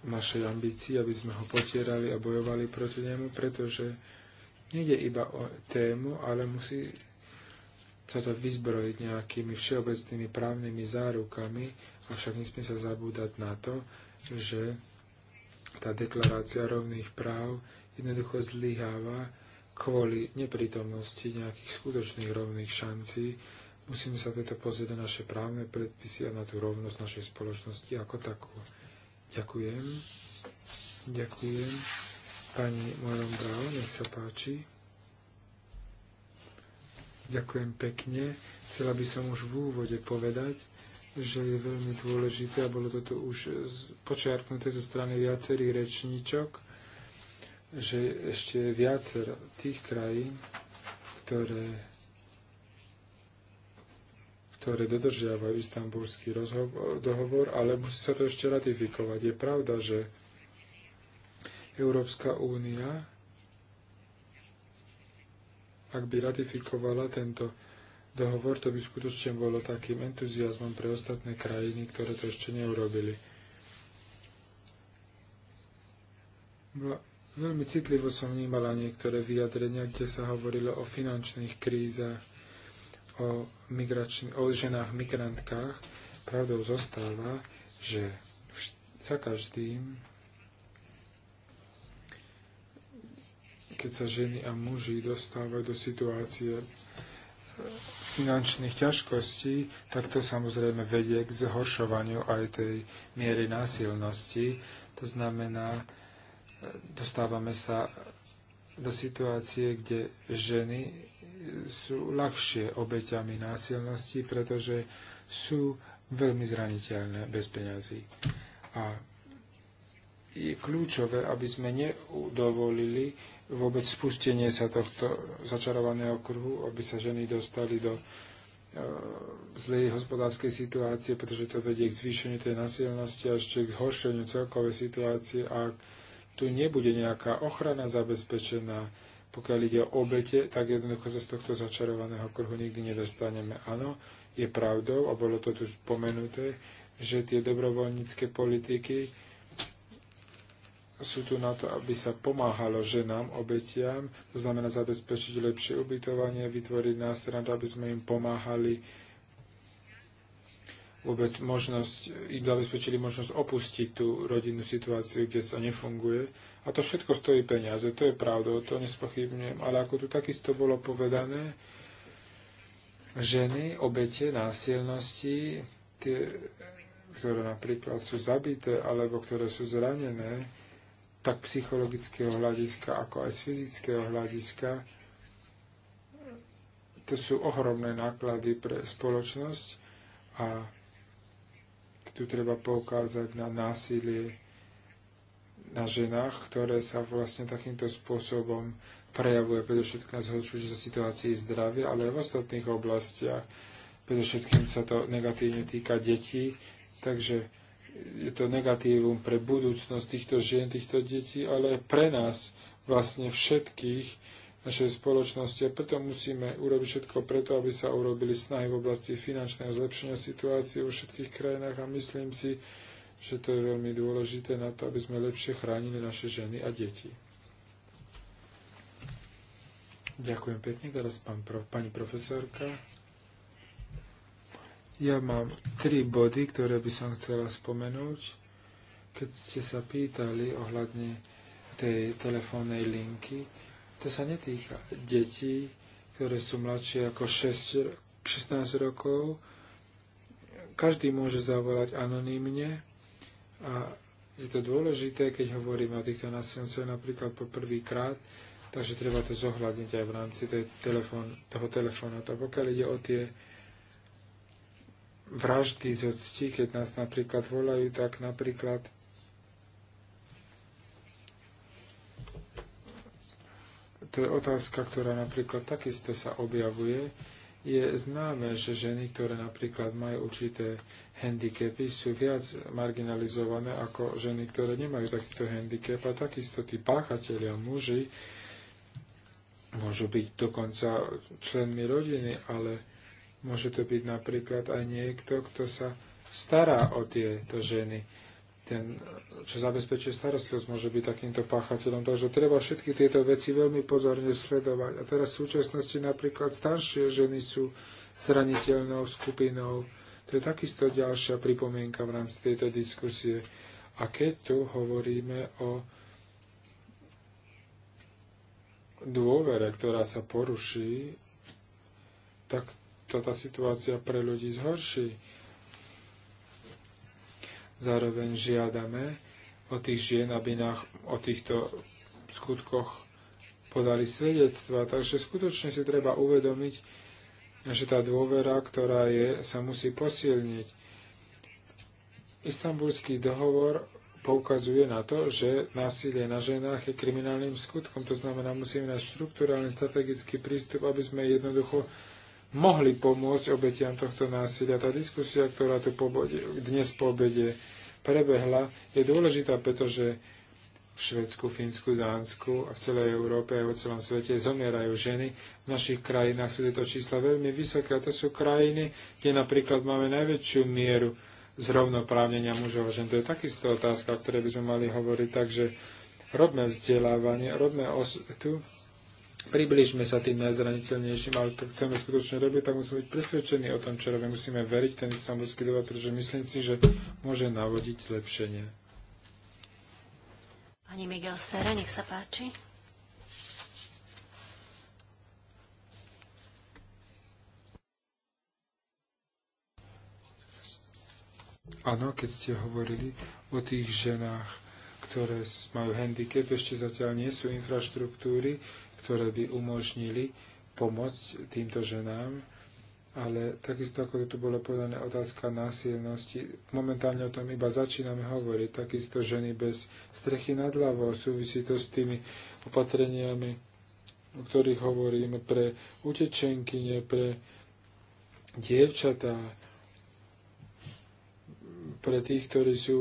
Speaker 1: našej ambícii, aby sme ho potierali a bojovali proti nemu, pretože nejde iba o tému, ale musí sa to vyzbrojiť nejakými všeobecnými právnymi zárukami, avšak nesmie sa zabúdať na to, že tá deklarácia rovných práv jednoducho zlyháva kvôli neprítomnosti nejakých skutočných rovných šancí. Musíme sa preto pozrieť na naše právne predpisy a na tú rovnosť našej spoločnosti ako takú. Ďakujem. Ďakujem. Pani Moron Brown, nech sa páči. Ďakujem pekne. Chcela by som už v úvode povedať, že je veľmi dôležité, a bolo toto už počiarknuté zo strany viacerých rečníčok, že ešte viacer tých krajín, ktoré ktoré dodržiavajú istambulský dohovor, ale musí sa to ešte ratifikovať. Je pravda, že Európska únia, ak by ratifikovala tento dohovor, to by skutočne bolo takým entuziasmom pre ostatné krajiny, ktoré to ešte neurobili. Veľmi citlivo som vnímala niektoré vyjadrenia, kde sa hovorilo o finančných krízach, o, migračn- o ženách migrantkách, pravdou zostáva, že za každým, keď sa ženy a muži dostávajú do situácie eh, finančných ťažkostí, tak to samozrejme vedie k zhoršovaniu aj tej miery násilnosti. To znamená, eh, dostávame sa do situácie, kde ženy sú ľahšie obeťami násilnosti, pretože sú veľmi zraniteľné bez peňazí. A je kľúčové, aby sme nedovolili vôbec spustenie sa tohto začarovaného kruhu, aby sa ženy dostali do e, zlej hospodárskej situácie, pretože to vedie k zvýšeniu tej nasilnosti a ešte k zhoršeniu celkovej situácie, ak tu nebude nejaká ochrana zabezpečená, pokiaľ ide o obete, tak jednoducho sa z tohto začarovaného kruhu nikdy nedostaneme. Áno, je pravdou, a bolo to tu spomenuté, že tie dobrovoľnícke politiky sú tu na to, aby sa pomáhalo ženám, obetiam, to znamená zabezpečiť lepšie ubytovanie, vytvoriť nástroj aby sme im pomáhali vôbec možnosť, im zabezpečili možnosť opustiť tú rodinnú situáciu, kde sa nefunguje. A to všetko stojí peniaze, to je pravda, to nespochybňujem. Ale ako tu takisto bolo povedané, ženy, obete násilnosti, tie, ktoré napríklad sú zabité alebo ktoré sú zranené, tak psychologického hľadiska, ako aj z fyzického hľadiska, to sú ohromné náklady pre spoločnosť a tu treba poukázať na násilie na ženách, ktoré sa vlastne takýmto spôsobom prejavuje predovšetkým na zhoršujúcej situácii zdravia, ale aj v ostatných oblastiach. Predovšetkým sa to negatívne týka detí, takže je to negatívum pre budúcnosť týchto žien, týchto detí, ale aj pre nás vlastne všetkých, našej spoločnosti a preto musíme urobiť všetko preto, aby sa urobili snahy v oblasti finančného zlepšenia situácie vo všetkých krajinách a myslím si, že to je veľmi dôležité na to, aby sme lepšie chránili naše ženy a deti. Ďakujem pekne. Teraz pán, pani profesorka. Ja mám tri body, ktoré by som chcela spomenúť. Keď ste sa pýtali ohľadne tej telefónnej linky, to sa netýka detí, ktoré sú mladšie ako 6, 16 rokov. Každý môže zavolať anonymne a je to dôležité, keď hovoríme o týchto násilnostiach napríklad po krát, takže treba to zohľadniť aj v rámci tej telefón, toho telefónu. A pokiaľ ide o tie vraždy z octi, keď nás napríklad volajú, tak napríklad to je otázka, ktorá napríklad takisto sa objavuje. Je známe, že ženy, ktoré napríklad majú určité handicapy, sú viac marginalizované ako ženy, ktoré nemajú takýto handicap a takisto tí páchatelia muži môžu byť dokonca členmi rodiny, ale môže to byť napríklad aj niekto, kto sa stará o tieto ženy ten, čo zabezpečuje starostlivosť, môže byť takýmto páchateľom. Takže treba všetky tieto veci veľmi pozorne sledovať. A teraz v súčasnosti napríklad staršie ženy sú zraniteľnou skupinou. To je takisto ďalšia pripomienka v rámci tejto diskusie. A keď tu hovoríme o dôvere, ktorá sa poruší, tak to tá situácia pre ľudí zhorší. Zároveň žiadame o tých žien, aby nám o týchto skutkoch podali svedectva. Takže skutočne si treba uvedomiť, že tá dôvera, ktorá je, sa musí posilniť. Istanbulský dohovor poukazuje na to, že násilie na ženách je kriminálnym skutkom. To znamená, musíme mať štruktúrálny strategický prístup, aby sme jednoducho mohli pomôcť obetiam tohto násilia. Tá diskusia, ktorá tu po bode, dnes po obede prebehla, je dôležitá, pretože v Švedsku, Fínsku, Dánsku a v celej Európe a v celom svete zomierajú ženy. V našich krajinách sú tieto čísla veľmi vysoké a to sú krajiny, kde napríklad máme najväčšiu mieru zrovnoprávnenia mužov a žen. To je takisto otázka, o ktorej by sme mali hovoriť. Takže robme vzdelávanie, robme osvetu, približme sa tým najzraniteľnejším, ale to chceme skutočne robiť, tak musíme byť presvedčení o tom, čo robíme. Musíme veriť ten istambulský dohovor, pretože myslím si, že môže navodiť zlepšenie.
Speaker 3: Pani Miguel Stera, nech sa páči.
Speaker 1: Áno, keď ste hovorili o tých ženách, ktoré majú handicap, ešte zatiaľ nie sú infraštruktúry, ktoré by umožnili pomôcť týmto ženám, ale takisto, ako tu bolo povedané, otázka násilnosti. Momentálne o tom iba začíname hovoriť. Takisto ženy bez strechy nad hlavou súvisí to s tými opatreniami, o ktorých hovoríme pre utečenky, nie pre dievčatá, pre tých, ktorí sú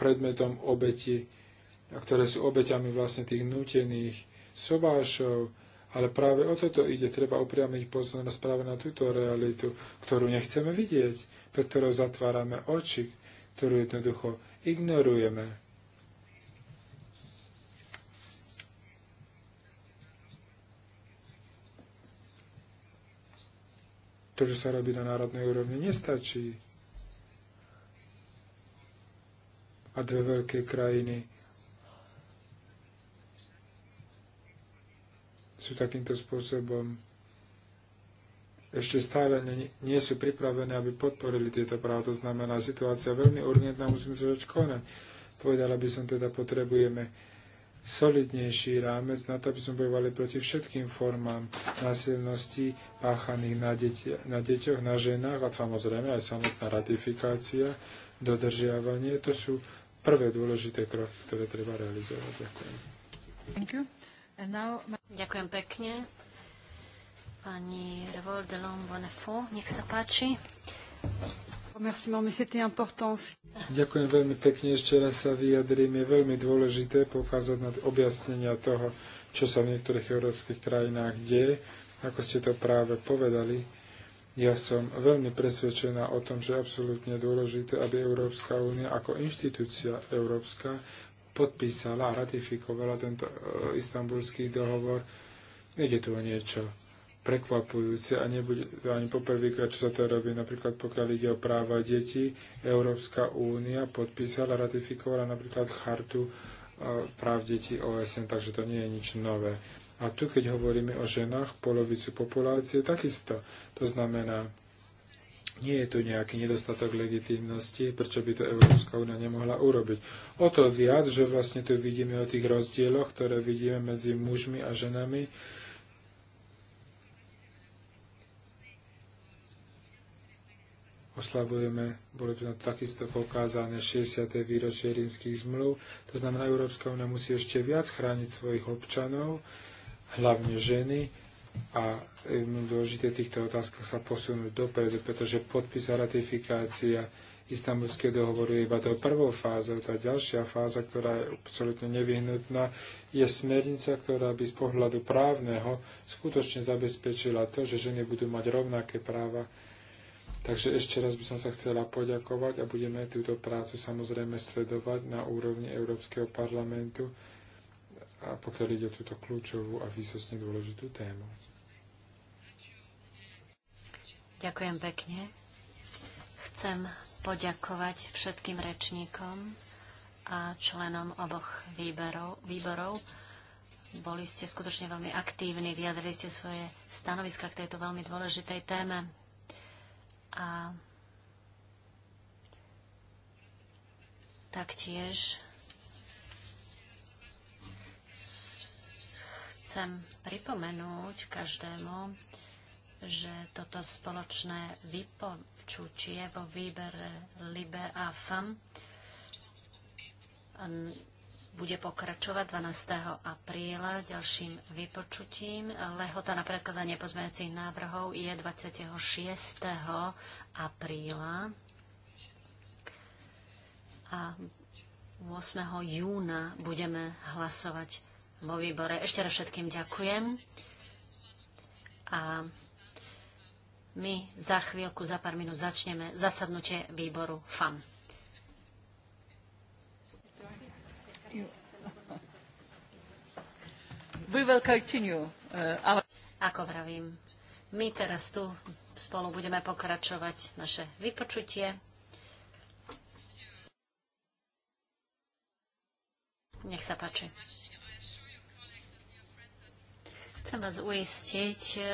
Speaker 1: predmetom obeti, a ktoré sú obeťami vlastne tých nutených sobášov, ale práve o toto ide. Treba upriamiť pozornosť práve na túto realitu, ktorú nechceme vidieť, pre ktorú zatvárame oči, ktorú jednoducho ignorujeme. To, čo sa robí na národnej úrovni, nestačí. A dve veľké krajiny sú takýmto spôsobom ešte stále nie, nie sú pripravené, aby podporili tieto práva. To znamená, situácia veľmi urgentná, musíme sa začať konať. Povedala by som teda, potrebujeme solidnejší rámec na to, aby sme bojovali proti všetkým formám násilností páchaných na, deti- na deťoch, na ženách a samozrejme aj samotná ratifikácia, dodržiavanie. To sú prvé dôležité kroky, ktoré treba realizovať. Ďakujem.
Speaker 3: Thank you. Ďakujem pekne. Pani Revol de Bonefo, nech sa páči.
Speaker 1: Ďakujem veľmi pekne, ešte raz sa vyjadrím. Je veľmi dôležité pokázať na objasnenia toho, čo sa v niektorých európskych krajinách deje. Ako ste to práve povedali, ja som veľmi presvedčená o tom, že je absolútne dôležité, aby Európska únia ako inštitúcia európska podpísala a ratifikovala tento e, istambulský dohovor. Ide tu o niečo prekvapujúce a nebude to ani poprvýkrát, čo sa to robí. Napríklad pokiaľ ide o práva detí, Európska únia podpísala, ratifikovala napríklad chartu e, práv detí OSN, takže to nie je nič nové. A tu, keď hovoríme o ženách, polovicu populácie, takisto. To znamená, nie je tu nejaký nedostatok legitimnosti, prečo by to Európska únia nemohla urobiť. O to viac, že vlastne tu vidíme o tých rozdieloch, ktoré vidíme medzi mužmi a ženami, oslavujeme, bolo tu na to takisto pokázané 60. výročie rímskych zmluv. To znamená, Európska únia musí ešte viac chrániť svojich občanov, hlavne ženy, a je dôležité v týchto otázkach sa posunúť dopredu, pretože podpis a ratifikácia Istanbulského dohovoru je iba do prvou fázou. Tá ďalšia fáza, ktorá je absolútne nevyhnutná, je smernica, ktorá by z pohľadu právneho skutočne zabezpečila to, že ženy budú mať rovnaké práva. Takže ešte raz by som sa chcela poďakovať a budeme túto prácu samozrejme sledovať na úrovni Európskeho parlamentu a pokiaľ ide o túto kľúčovú a výsostne dôležitú tému.
Speaker 3: Ďakujem pekne. Chcem poďakovať všetkým rečníkom a členom oboch výberov, výborov. Boli ste skutočne veľmi aktívni, vyjadrili ste svoje stanoviska k tejto veľmi dôležitej téme. A taktiež chcem pripomenúť každému, že toto spoločné vypočutie vo výbere LIBE a FAM bude pokračovať 12. apríla ďalším vypočutím. Lehota na predkladanie pozmeňujúcich návrhov je 26. apríla a 8. júna budeme hlasovať vo výbore. Ešte raz všetkým ďakujem. A my za chvíľku, za pár minút začneme zasadnutie výboru FAM. Uh, Ako vravím, my teraz tu spolu budeme pokračovať naše vypočutie. Nech sa páči. Chcem vás uistiť, e,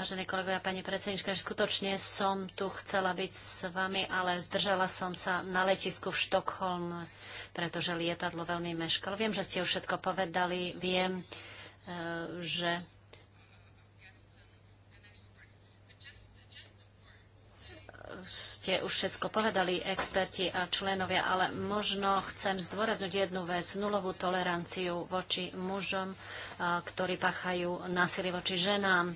Speaker 3: Vážení kolegovia, pani predsednička, skutočne som tu chcela byť s vami, ale zdržala som sa na letisku v Štokholm, pretože lietadlo veľmi meškalo. Viem, že ste už všetko povedali, viem, e, že ste už všetko povedali, experti a členovia, ale možno chcem zdôrazniť jednu vec, nulovú toleranciu voči mužom, ktorí pachajú násilie voči ženám.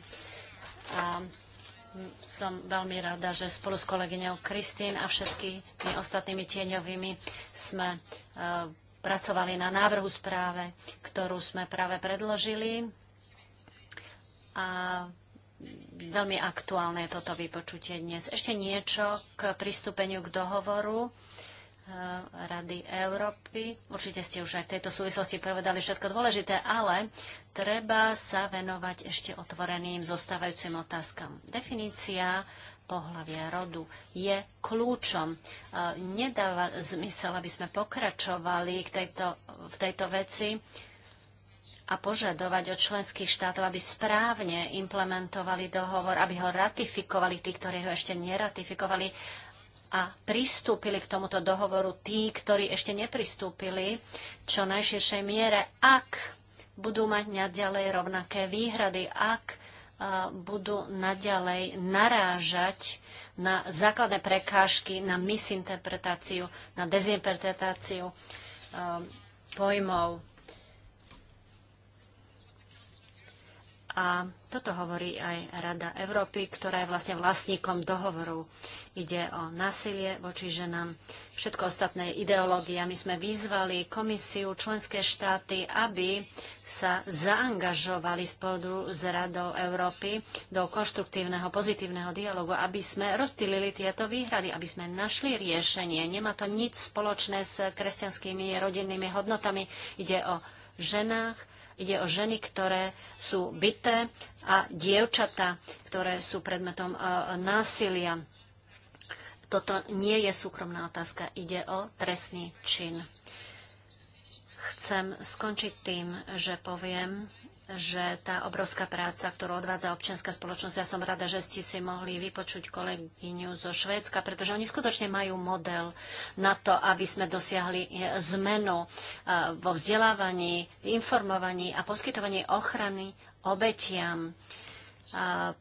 Speaker 3: A som veľmi rada, že spolu s kolegyňou Kristín a všetkými ostatnými tieňovými sme pracovali na návrhu správe, ktorú sme práve predložili. A veľmi aktuálne toto vypočutie dnes. Ešte niečo k pristúpeniu k dohovoru eh, Rady Európy. Určite ste už aj v tejto súvislosti povedali všetko dôležité, ale treba sa venovať ešte otvoreným zostávajúcim otázkam. Definícia pohľavia rodu je kľúčom. Eh, nedáva zmysel, aby sme pokračovali k tejto, v tejto veci, a požadovať od členských štátov, aby správne implementovali dohovor, aby ho ratifikovali tí, ktorí ho ešte neratifikovali a pristúpili k tomuto dohovoru tí, ktorí ešte nepristúpili čo najširšej miere, ak budú mať naďalej rovnaké výhrady, ak e, budú naďalej narážať na základné prekážky, na misinterpretáciu, na dezinterpretáciu e, pojmov. A toto hovorí aj Rada Európy, ktorá je vlastne vlastníkom dohovoru. Ide o násilie voči ženám, všetko ostatné ideológie. My sme vyzvali komisiu, členské štáty, aby sa zaangažovali spolu s Radou Európy do konštruktívneho, pozitívneho dialogu, aby sme rozptýlili tieto výhrady, aby sme našli riešenie. Nemá to nič spoločné s kresťanskými rodinnými hodnotami. Ide o ženách, Ide o ženy, ktoré sú byté a dievčata, ktoré sú predmetom e, násilia. Toto nie je súkromná otázka, ide o trestný čin. Chcem skončiť tým, že poviem, že tá obrovská práca, ktorú odvádza občianská spoločnosť, ja som rada, že ste si mohli vypočuť kolegyňu zo Švédska, pretože oni skutočne majú model na to, aby sme dosiahli e, zmenu e, vo vzdelávaní, informovaní a poskytovaní ochrany obetiam.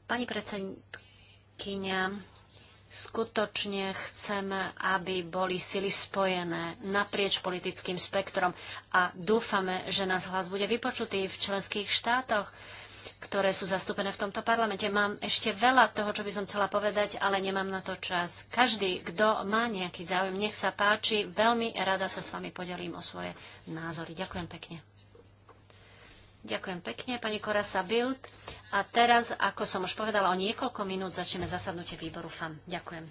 Speaker 3: Pani predsedkynia, Skutočne chceme, aby boli sily spojené naprieč politickým spektrom a dúfame, že nás hlas bude vypočutý v členských štátoch ktoré sú zastúpené v tomto parlamente. Mám ešte veľa toho, čo by som chcela povedať, ale nemám na to čas. Každý, kto má nejaký záujem, nech sa páči. Veľmi rada sa s vami podelím o svoje názory. Ďakujem pekne. Ďakujem pekne, pani Korasa Bild. A teraz, ako som už povedala, o niekoľko minút začneme zasadnutie výboru FAM. Ďakujem.